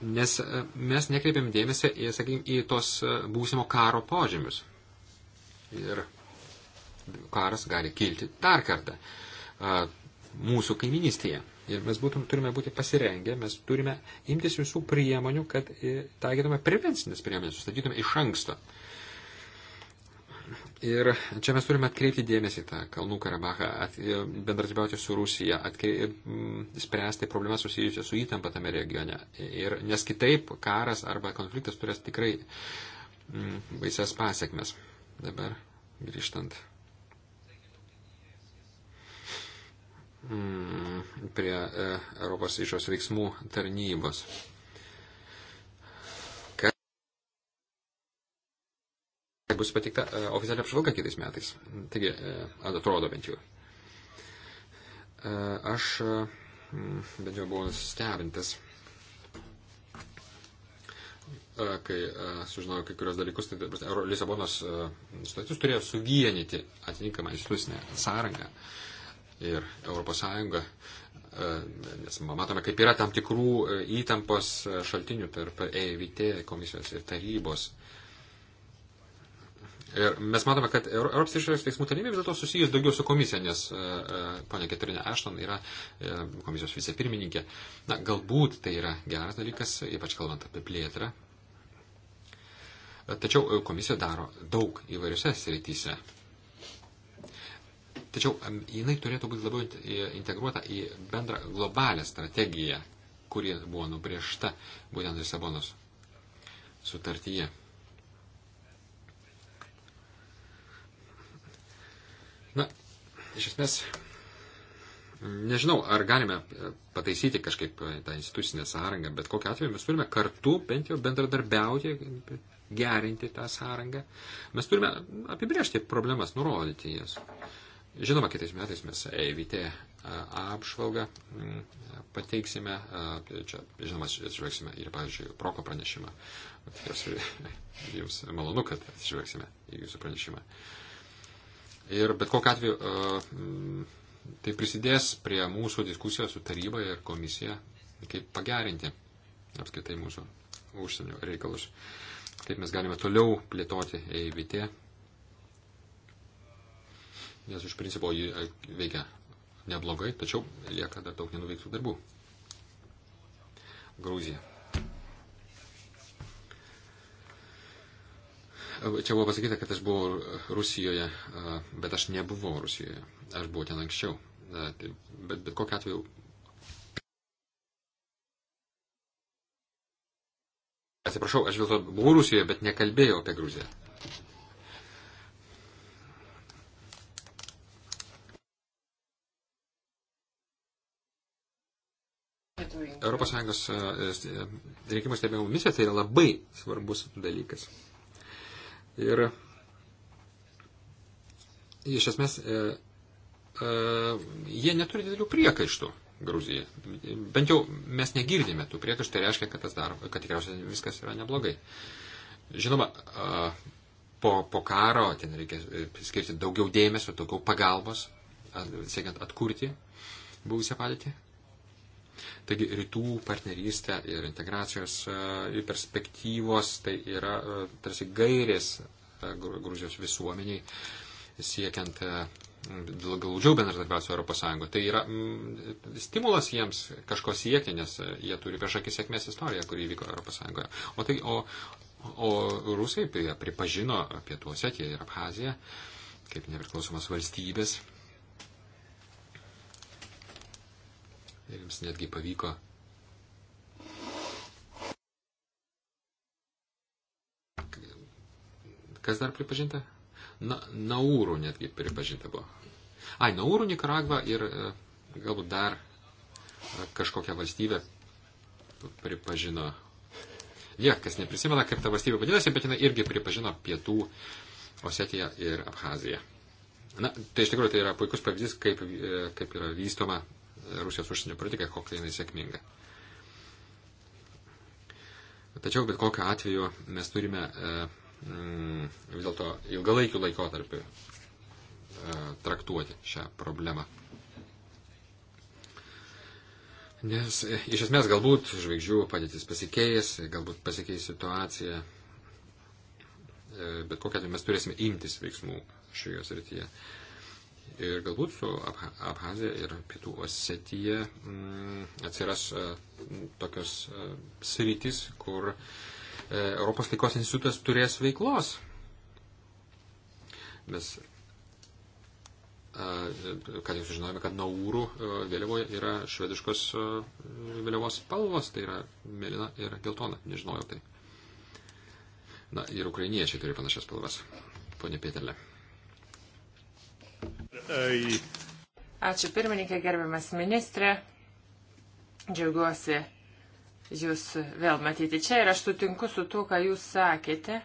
Speaker 2: Nes e, mes nekreipiam dėmesio į, e, sakykime, į tos e, būsimo karo požymius. Ir karas gali kilti dar kartą mūsų kaiminystėje. Ir mes būtum, turime būti pasirengę, mes turime imtis visų priemonių, kad taikytume prevencinės priemonės, sustatytume iš anksto. Uh, Ir čia mes turime atkreipti dėmesį tą Kalnų Karabachą, at, e, bendradarbiauti su Rusija, atkreip, e, spręsti problemas susijusias su įtampa tame regione. Ir, nes kitaip karas arba konfliktas turės tikrai m, baisias pasiekmes. Dabar grįžtant m, prie e, Europos išos veiksmų tarnybos. E, bus patikta e, oficialia apžvalga kitais metais. Taigi, e, atrodo bent jau. E, aš bent jau buvau nustebintas, kai sužinojau kai kurios dalykus, tai Lisabonos sutartis turėjo suvienyti atitinkamą institucinę sąrangą ir ES nes matome, kaip yra tam tikrų įtampos šaltinių tarp EIVT komisijos ir tarybos. Ir mes matome, kad Europos išorės veiksmų tarnybė vis dėlto susijęs daugiau su komisija, nes e, e, ponia Keterinė Ašton yra e, komisijos vicepirmininkė. Na, galbūt tai yra geras dalykas, ypač kalbant apie plėtrą. Tačiau komisija daro daug įvairiose srityse. Tačiau jinai turėtų būti labiau integruota į bendrą globalę strategiją, kuri buvo nubriežta būtent Lisabonos sutartyje. Iš esmės, nežinau, ar galime e, pataisyti kažkaip e, tą institucinę sąrangą, bet kokiu atveju mes turime kartu bent jau bendradarbiauti, gerinti tą sąrangą. Mes turime apibriežti problemas, nurodyti jas. Žinoma, kitais metais mes EVT e, apžvalgą pateiksime, čia, žinoma, žvelgsime ir, pavyzdžiui, Proko pranešimą. [laughs] Jums malonu, kad atsižvelgsime į jūsų pranešimą. Uh, Ir bet kokiu atveju e, tai prisidės prie mūsų diskusijos su taryba ir komisija, kaip pagerinti apskaitai mūsų užsienio reikalus. Kaip mes galime toliau plėtoti EIVT, nes iš principo jį e, veikia neblogai, tačiau lieka dar daug nenuveiktų darbų. Gruzija. Čia buvo pasakyta, kad aš buvau Rusijoje, bet aš nebuvau Rusijoje. Aš buvau ten anksčiau. Tai bet, bet kokiu atveju. Atsiprašau, aš vėl to buvau Rusijoje, bet nekalbėjau apie Gruziją. Europos Sąjungos rinkimų stebėjimo misija tai yra labai svarbus dalykas. Ir iš esmės e, e, jie neturi didelių priekaištų Gruzijai. Bent jau mes negirdime tų priekaištų, tai reiškia, kad, daro, kad tikriausiai viskas yra neblogai. Žinoma, e, po, po karo ten reikia e, skirti daugiau dėmesio, daugiau pagalbos, siekiant atkurti buvusią padėtį. Taigi rytų partnerystė ir integracijos e, perspektyvos tai yra e, tarsi gairės e, Gruzijos visuomeniai siekiant glaudžiau bendradarbiauti su Europos Sąjunga. Tai yra mm, stimulas jiems kažko siekti, nes jie turi prieš akį sėkmės istoriją, kuri įvyko Europos Sąjungoje. O, tai, o, o rusai pripažino pietuose, tie ir Abhaziją, kaip nepriklausomas valstybės. ir jums netgi pavyko Kas dar pripažinta? Na, Naūrų netgi pripažinta buvo. Ai, Naūrų, Nikaragva ir e, galbūt dar e, kažkokią valstybę pripažino. Niekas ja, neprisimena, kaip ta valstybė vadinasi, bet jinai irgi pripažino pietų Osetiją ir Abhaziją. Na, tai iš tikrųjų tai yra puikus pavyzdys, kaip, e, kaip yra vystoma Rusijos užsienio politiką, kokia jinai sėkminga. Tačiau bet kokiu atveju mes turime e, mm, vis dėlto ilgalaikių laikotarpių e, traktuoti šią problemą. Nes e, iš esmės galbūt žvaigždžių padėtis pasikeis, galbūt pasikeis situacija, bet kokia atveju mes turėsime imtis veiksmų šioje srityje. Uh, Ir galbūt su Abhazija ir Pietų Osetija mm, atsiras e, tokios e, sritis, kur e, Europos taikos institutas turės veiklos. Mes, kad jau sužinojome, kad Naurų vėliavoje yra švediškos vėliavos spalvos, tai yra mėlyna ir geltona, nežinojau tai. Na ir ukrainiečiai turi panašias spalvas, ponė Pietelė.
Speaker 3: Ačiū
Speaker 1: pirmininkė, gerbiamas ministrė. Džiaugiuosi jūs vėl matyti čia ir aš sutinku su tuo, ką jūs sakėte,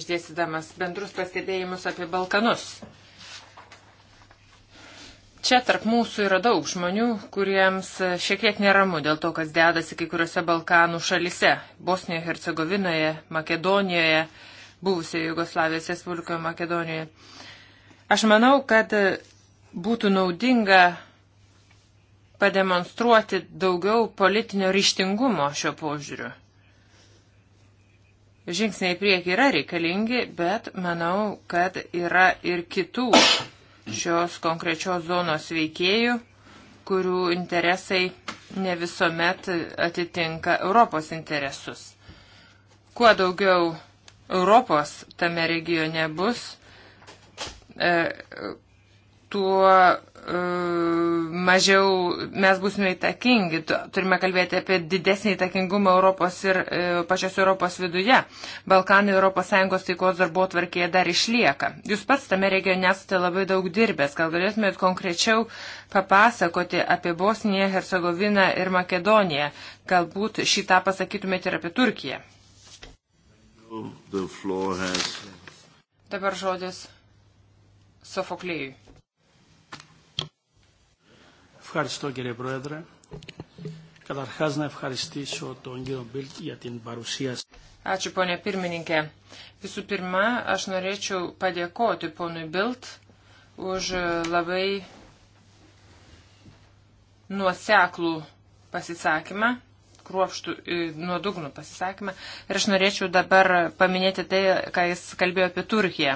Speaker 1: išdėstydamas bendrus pastebėjimus apie Balkanus. Čia tarp mūsų yra daug žmonių, kuriems šiek tiek neramu dėl to, kas dedasi kai kuriuose Balkanų šalise - Bosnijoje, Hercegovinoje, Makedonijoje, buvusioje Jugoslavijos Respublikoje Makedonijoje. Aš manau, kad būtų naudinga pademonstruoti daugiau politinio ryštingumo šio požiūriu. Žingsniai prieki yra reikalingi, bet manau, kad yra ir kitų šios konkrečios zonos veikėjų, kurių interesai ne visuomet atitinka Europos interesus. Kuo daugiau Europos tame regione bus, E, tuo e, mažiau mes būsime įtakingi. Turime kalbėti apie didesnį įtakingumą Europos ir e, pačios Europos viduje. Balkanai ES taikos darbo tvarkėje dar išlieka. Jūs pats tame regione esate labai daug dirbęs. Gal galėtumėt konkrečiau papasakoti apie Bosniją, Hercegoviną ir Makedoniją? Galbūt šitą pasakytumėte ir apie Turkiją. Dabar žodis Σοφοκλέη. Ευχαριστώ κύριε Πρόεδρε. Καταρχάς να ευχαριστήσω τον κύριο Μπίλτ για την παρουσίαση. Ačiū ponė pirmininkė. Visų pirma, aš norėčiau padėkoti ponui Bilt už labai nuoseklų pasisakymą, kruopštų e, nuodugnų pasisakymą. Ir aš norėčiau dabar paminėti tai, ką jis kalbėjo apie Turkiją.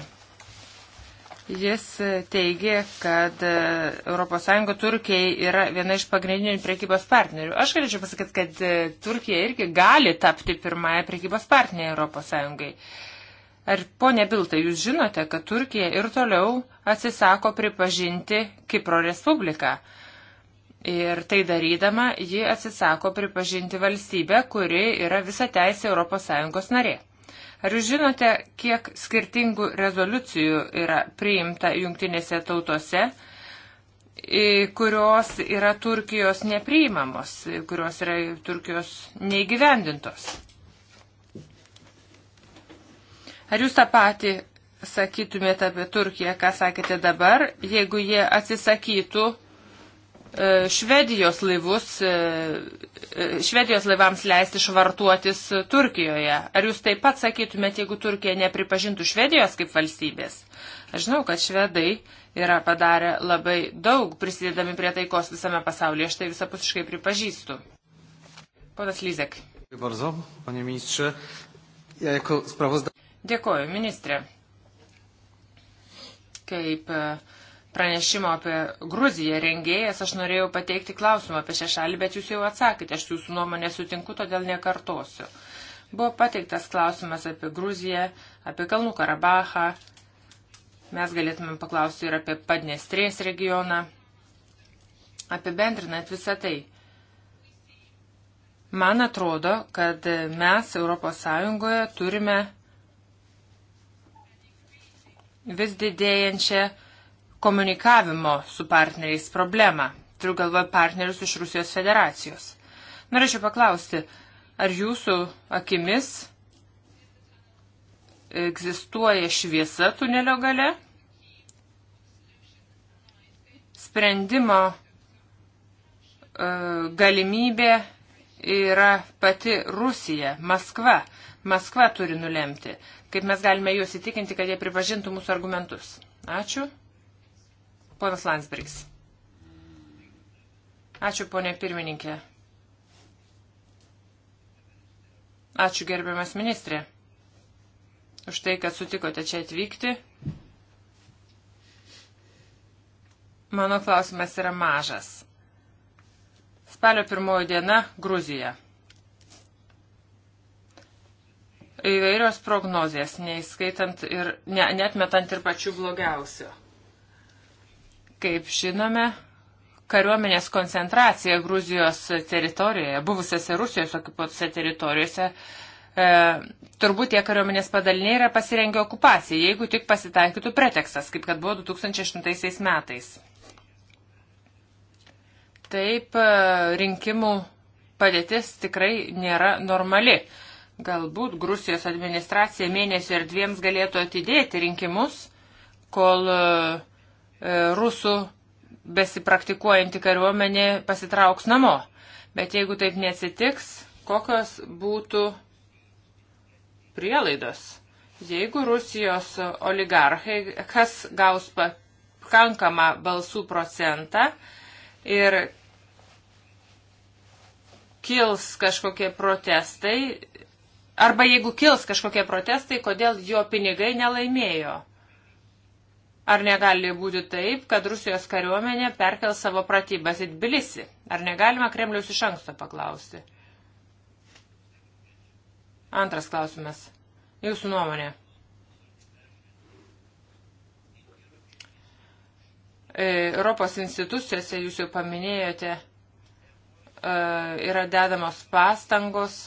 Speaker 1: Jis teigia, kad ES Turkijai yra viena iš pagrindinių prekybos partnerių. Aš galėčiau pasakyti, kad e, Turkija irgi gali tapti pirmąją prekybos partnerę ES. Ar ponė Biltai, jūs žinote, kad Turkija ir toliau atsisako pripažinti Kipro Respubliką? Ir tai darydama, ji atsisako pripažinti valstybę, kuri yra visa teisė ES narė. Ar jūs žinote, kiek skirtingų rezoliucijų yra priimta jungtinėse tautose, kurios yra Turkijos nepriimamos, kurios yra Turkijos neįgyvendintos? Ar jūs tą patį sakytumėte apie Turkiją, ką sakėte dabar, jeigu jie atsisakytų E, Švedijos laivus, e, e, Švedijos laivams leisti švartuotis Turkijoje. Ar jūs taip pat sakytumėte, jeigu Turkija nepripažintų Švedijos kaip valstybės? Aš žinau, kad švedai yra padarę labai daug, prisidėdami prie taikos visame pasaulyje. Aš tai visapusiškai pripažįstu. Ponas Lyzek. Dėkoju, ministrė. Kaip uh, pranešimo apie Gruziją rengėjas, aš norėjau pateikti klausimą apie šią šalį, bet jūs jau atsakėte, aš jūsų nuomonę sutinku, todėl nekartosiu. Buvo pateiktas klausimas apie Gruziją, apie Kalnų Karabachą, mes galėtumėm paklausti ir apie Padnestrės regioną. Apibendrinant visą tai, man atrodo, kad mes ES turime vis didėjančią komunikavimo su partneriais problemą. Turiu galvoje partnerius iš Rusijos federacijos. Norėčiau paklausti, ar jūsų akimis egzistuoja šviesa tunelio gale? Sprendimo e, galimybė yra pati Rusija, Maskva. Maskva turi nulemti, kaip mes galime juos įtikinti, kad jie pripažintų mūsų argumentus. Ačiū. Ponas Landsbergis. Ačiū, ponė pirmininkė. Ačiū, gerbiamas ministrė, už tai, kad sutikote čia atvykti. Mano klausimas yra mažas. Spalio pirmoji diena - Gruzija. Įvairios prognozijas, neįskaitant ir ne, netmetant ir pačių blogiausio. Kaip žinome, kariuomenės koncentracija Gruzijos teritorijoje, buvusiose Rusijos okupuotose teritorijose, e, turbūt tie kariuomenės padaliniai yra pasirengę okupacijai, jeigu tik pasitaikytų pretekstas, kaip kad buvo 2008 metais. Taip, e, rinkimų padėtis tikrai nėra normali. Galbūt Grusijos administracija mėnesio ir dviems galėtų atidėti rinkimus, kol uh, E, rusų besipraktikuojanti kariuomenė pasitrauks namo. Bet jeigu taip nesitiks, kokios būtų prielaidos? Jeigu Rusijos oligarchai kas gaus pakankamą balsų procentą ir kils kažkokie protestai, arba jeigu kils kažkokie protestai, kodėl jo pinigai nelaimėjo? Ar negali būti taip, kad Rusijos kariuomenė perkel savo pratybas į Tbilisi? Ar negalima Kremliaus iš anksto paklausti? Antras klausimas. Jūsų nuomonė. E, Europos institucijose, jūs jau paminėjote, e, yra dedamos pastangos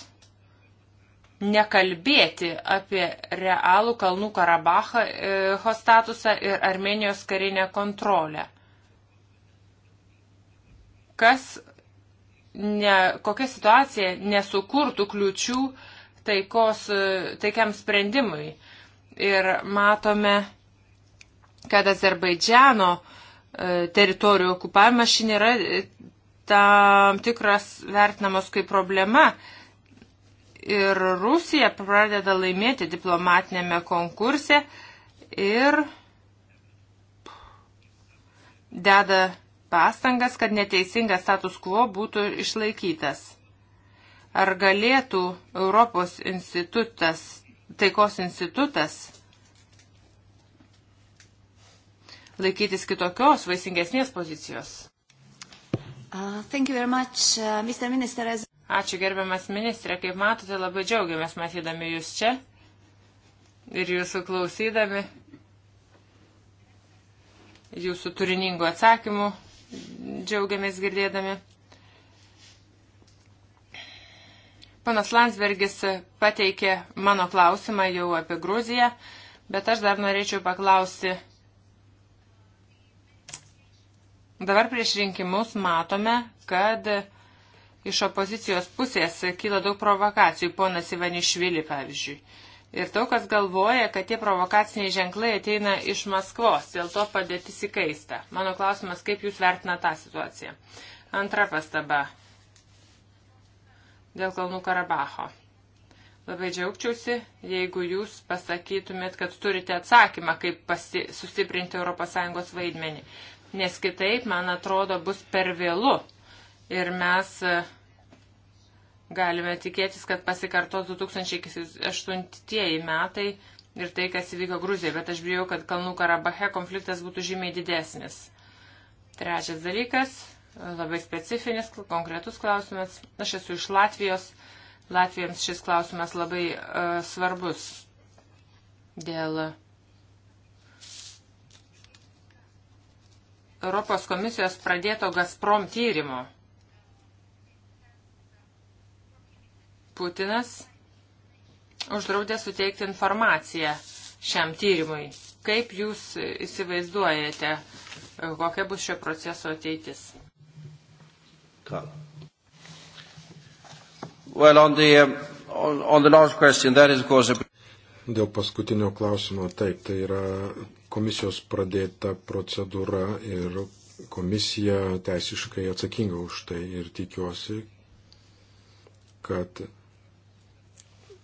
Speaker 1: nekalbėti apie realų Kalnų Karabachą e, statusą ir Armenijos karinę kontrolę. Kas, ne, kokia situacija nesukurtų kliučių taikos, e, taikiam sprendimui. Ir matome, kad Azerbaidžiano e, teritorijų okupavimas šiandien yra e, tam tikras vertinamas kaip problema. E, ir Rusija pradeda laimėti diplomatinėme konkurse ir deda pastangas, kad neteisingas status quo būtų išlaikytas. Ar galėtų Europos institutas, taikos institutas laikytis kitokios, vaisingesnės pozicijos? Uh, much, uh, Minister, as... Ačiū gerbiamas ministrė, kaip matote, labai džiaugiamės matydami jūs čia ir jūsų klausydami, jūsų turiningų atsakymų džiaugiamės girdėdami. Panas Landsbergis pateikė mano klausimą jau apie Gruziją, bet aš dar norėčiau paklausti. Dabar prieš rinkimus matome, kad iš opozicijos pusės kyla daug provokacijų, ponas Ivanišvili, pavyzdžiui. Ir daug kas galvoja, kad tie provokaciniai ženklai ateina iš Maskvos, dėl to padėtis įkaista. Mano klausimas, kaip jūs vertina tą situaciją? Antra pastaba. Dėl Kalnų Karabaho. Labai džiaugčiausi, jeigu jūs pasakytumėt, kad turite atsakymą, kaip pasi, sustiprinti ES vaidmenį. Nes kitaip, man atrodo, bus per vėlu ir mes e, galime tikėtis, kad pasikartos 2008 metai ir tai, kas įvyko Gruzijoje, bet aš bijau, kad Kalnų Karabahe konfliktas būtų žymiai didesnis. Trečias dalykas, labai specifinis, konkretus klausimas. Aš esu iš Latvijos. Latvijams šis klausimas labai uh, svarbus dėl Europos komisijos pradėto Gazprom tyrimo. Putinas uždraudė suteikti informaciją šiam tyrimui. Kaip jūs įsivaizduojate, kokia bus šio proceso ateitis?
Speaker 3: Ką? Well, on the, um, on, on the last question, that is, of course, a... Dėl paskutinio klausimo, taip, tai yra komisijos pradėta procedūra ir komisija teisiškai atsakinga už tai ir tikiuosi, kad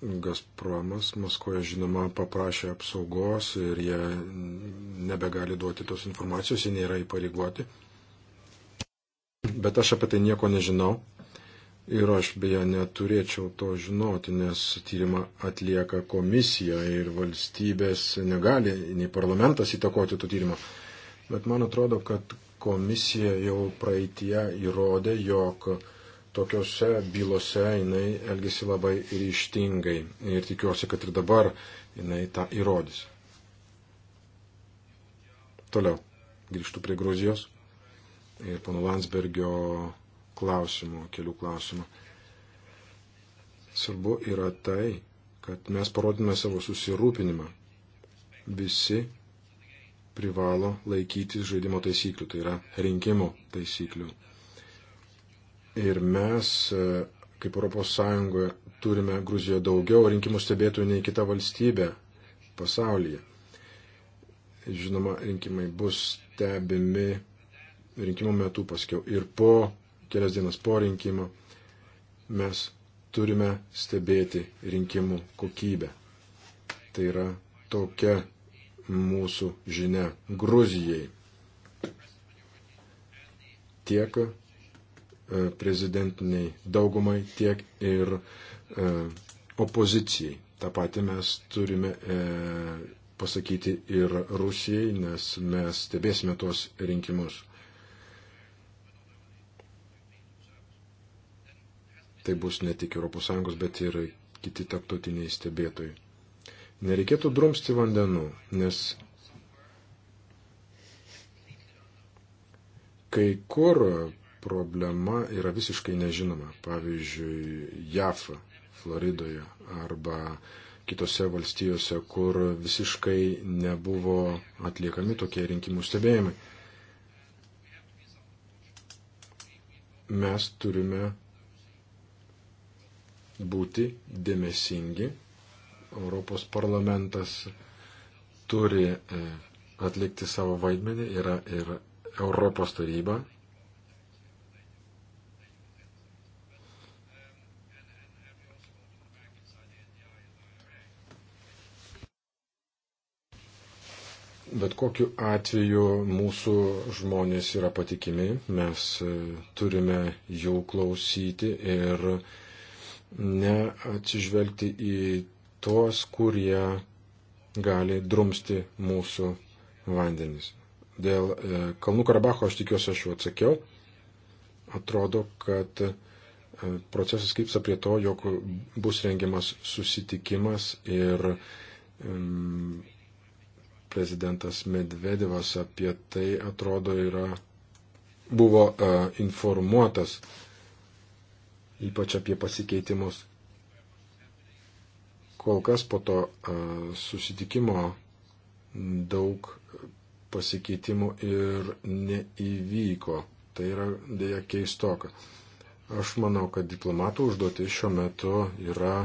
Speaker 3: Gazpromas Maskvoje, žinoma, paprašė apsaugos ir jie nebegali duoti tos informacijos, jie nėra įpareigoti. Bet aš apie tai nieko nežinau ir aš beje neturėčiau to žinoti, nes tyrimą atlieka komisija ir valstybės negali, nei parlamentas įtakoti to tyrimo. Bet man atrodo, kad komisija jau praeitie įrodė, jog tokiuose bylose jinai elgesi labai ryštingai ir tikiuosi, kad ir dabar jinai tą įrodys. Toliau grįžtu prie Gruzijos ir pono Landsbergio klausimų, kelių klausimų. Svarbu yra tai, kad mes parodime savo susirūpinimą. Visi privalo laikytis žaidimo taisyklių, tai yra rinkimų taisyklių. Ir mes, e, kaip ES, turime Gruzijoje daugiau rinkimų stebėtojų nei kita valstybė pasaulyje. Žinoma, rinkimai bus stebimi rinkimų metu paskiau ir po, kelias dienas po rinkimo mes turime stebėti rinkimų kokybę. Tai yra tokia mūsų žinia Gruzijai. Tiek E, prezidentiniai daugumai, tiek ir e, opozicijai. Ta pati mes turime e, pasakyti ir Rusijai, nes mes stebėsime tuos rinkimus. Tai bus ne tik ES, bet ir kiti tarptautiniai stebėtojai. Nereikėtų drumsti vandenų, nes kai kur problema yra visiškai nežinoma. Pavyzdžiui, JAF, Floridoje arba kitose valstijose, kur visiškai nebuvo atliekami tokie rinkimų stebėjimai. Mes turime būti dėmesingi. Europos parlamentas turi e, atlikti savo vaidmenį, yra ir Europos taryba, Bet kokiu atveju mūsų žmonės yra patikimi, mes e, turime jų klausyti ir neatsižvelgti į tuos, kurie gali drumsti mūsų vandenis. Dėl e, Kalnų Karabacho aš tikiuosi, aš jau atsakiau. Atrodo, kad e, procesas krypsta prie to, jog bus rengiamas susitikimas ir mm, prezidentas Medvedevas apie tai atrodo yra, buvo e, informuotas, ypač apie pasikeitimus. Kol kas po to e, susitikimo daug pasikeitimų ir neįvyko. Tai yra dėja keistoka. Aš manau, kad diplomatų užduotis šiuo metu yra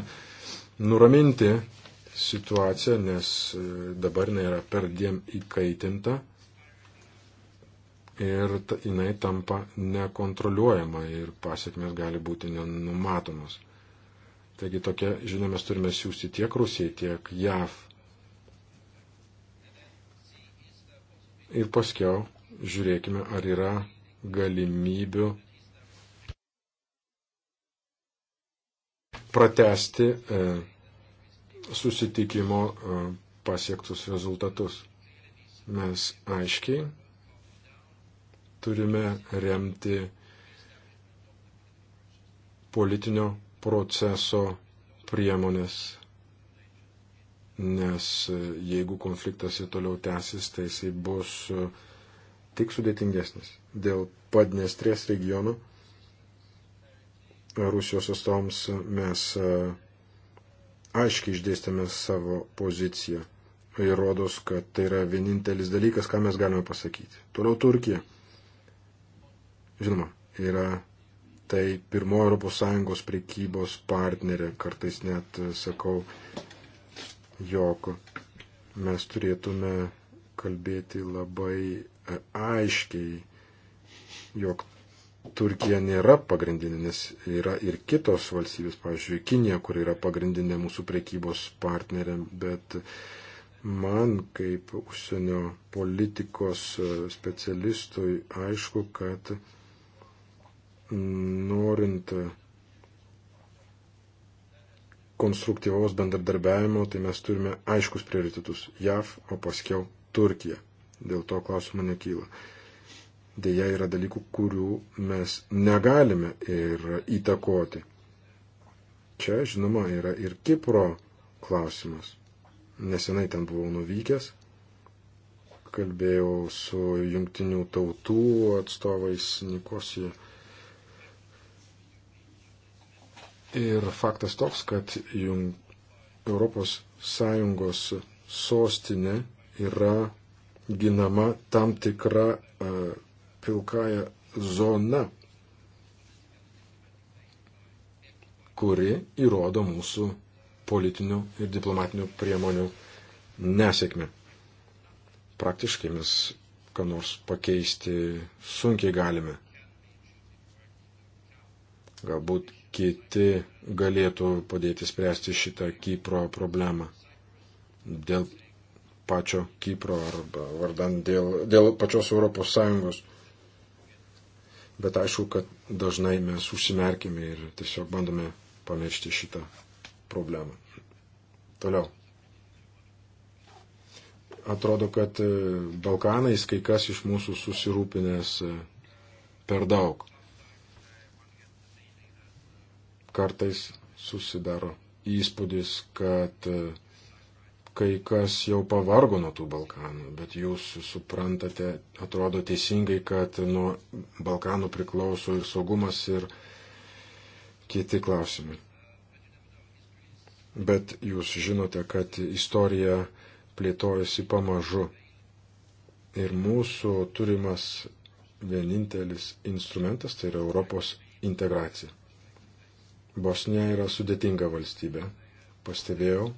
Speaker 3: nuraminti situaciją, nes e, dabar jinai yra per diem įkaitinta ir jinai tampa nekontroliuojama ir pasiekmes gali būti nenumatomos. Taigi tokia žinia mes turime siūsti tiek Rusijai, tiek JAV. Ir paskiau žiūrėkime, ar yra galimybių pratesti e, susitikimo e, pasiektus rezultatus. Mes aiškiai turime remti politinio proceso priemonės, nes e, jeigu konfliktas ir toliau tęsis, tai jisai bus e, tik sudėtingesnis. Dėl Padnestrės regiono Rusijos atstovams mes aiškiai išdėstėme savo poziciją. Ir tai rodos, kad tai yra vienintelis dalykas, ką mes galime pasakyti. Toliau Turkija. Žinoma, yra tai pirmoji ES prekybos partnerė. Kartais net sakau, jog mes turėtume kalbėti labai aiškiai, jog Turkija nėra pagrindinė, nes yra ir kitos valstybės, pavyzdžiui, Kinija, kur yra pagrindinė mūsų prekybos partnerė, bet man kaip užsienio politikos specialistui aišku, kad norint konstruktyvaus bendradarbiavimo, tai mes turime aiškus prioritetus - JAV, o paskiau Turkija. Dėl to klausimų nekyla. Deja yra dalykų, kurių mes negalime ir įtakoti. Čia, žinoma, yra ir Kipro klausimas. Nesenai ten buvau nuvykęs, kalbėjau su jungtinių tautų atstovais Nikosijoje. Ir faktas toks, kad jung... Europos Sąjungos sostinė yra ginama tam tikra uh, pilkąją zoną, kuri įrodo mūsų politinių ir diplomatinių priemonių nesėkmę. Praktiškai mes ką nors pakeisti sunkiai galime. Galbūt kiti galėtų padėti spręsti šitą Kipro problemą dėl pačio Kipro arba vardan dėl, dėl pačios Europos Sąjungos. Bet aišku, kad dažnai mes užsimerkime ir tiesiog bandome pamiršti šitą problemą. Toliau. Atrodo, kad e, Balkanais kai kas iš mūsų susirūpinęs e, per daug. Kartais susidaro įspūdis, kad e, kai kas jau pavargo nuo tų Balkanų, bet jūs suprantate, atrodo teisingai, kad nuo Balkanų priklauso ir saugumas, ir kiti klausimai. Bet jūs žinote, kad istorija plėtojasi pamažu. Ir mūsų turimas vienintelis instrumentas tai yra Europos integracija. Bosnija yra sudėtinga valstybė. Pastebėjau,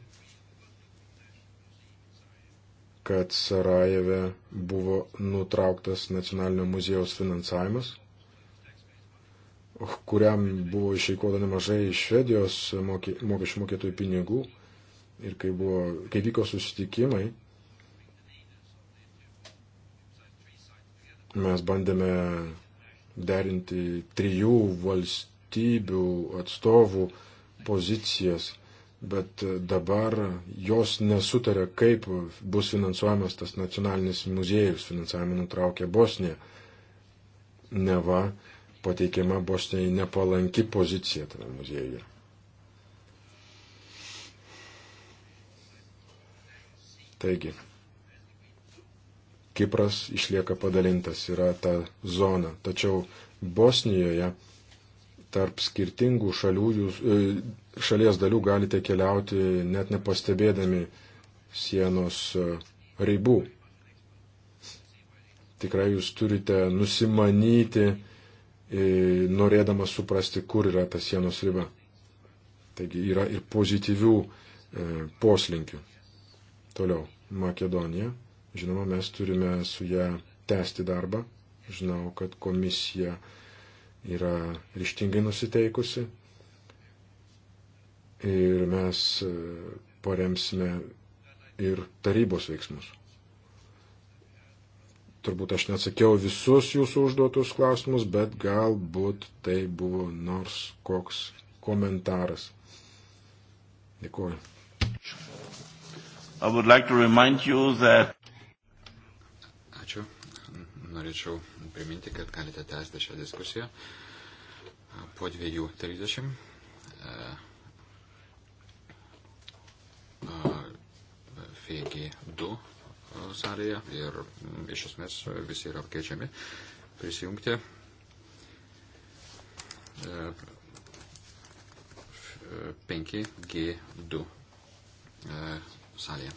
Speaker 3: kad Sarajeve buvo nutrauktas nacionalinio muziejaus finansavimas, kuriam buvo išeikota nemažai iš Švedijos mokesčių mokėtojų pinigų. Ir kai, buvo, kai vyko susitikimai, mes bandėme derinti trijų valstybių atstovų pozicijas bet dabar jos nesutarė, kaip bus finansuojamas tas nacionalinis muziejus, finansavimą nutraukė Bosnija. Neva pateikiama Bosnijai nepalanki pozicija tame muziejuje. Taigi, Kipras išlieka padalintas, yra ta zona, tačiau Bosnijoje tarp skirtingų šalių jūs, e, šalies dalių galite keliauti net nepastebėdami sienos e, ribų. Tikrai jūs turite nusimanyti, e, norėdamas suprasti, kur yra ta sienos riba. Taigi yra ir pozityvių e, poslinkių. Toliau, Makedonija. Žinoma, mes turime su ją tęsti darbą. Žinau, kad komisija yra ryštingai nusiteikusi, ir mes e, paremsime ir tarybos veiksmus. Turbūt aš neatsakiau visus jūsų užduotus klausimus, bet galbūt tai buvo nors koks komentaras. Dėkuoju. Like that...
Speaker 2: Ačiū. Norėčiau priminti, kad galite tęsti šią diskusiją po 2.30. EG2 salėje ir iš esmės visi yra apkeičiami prisijungti. E, 5G2 e, e, salėje.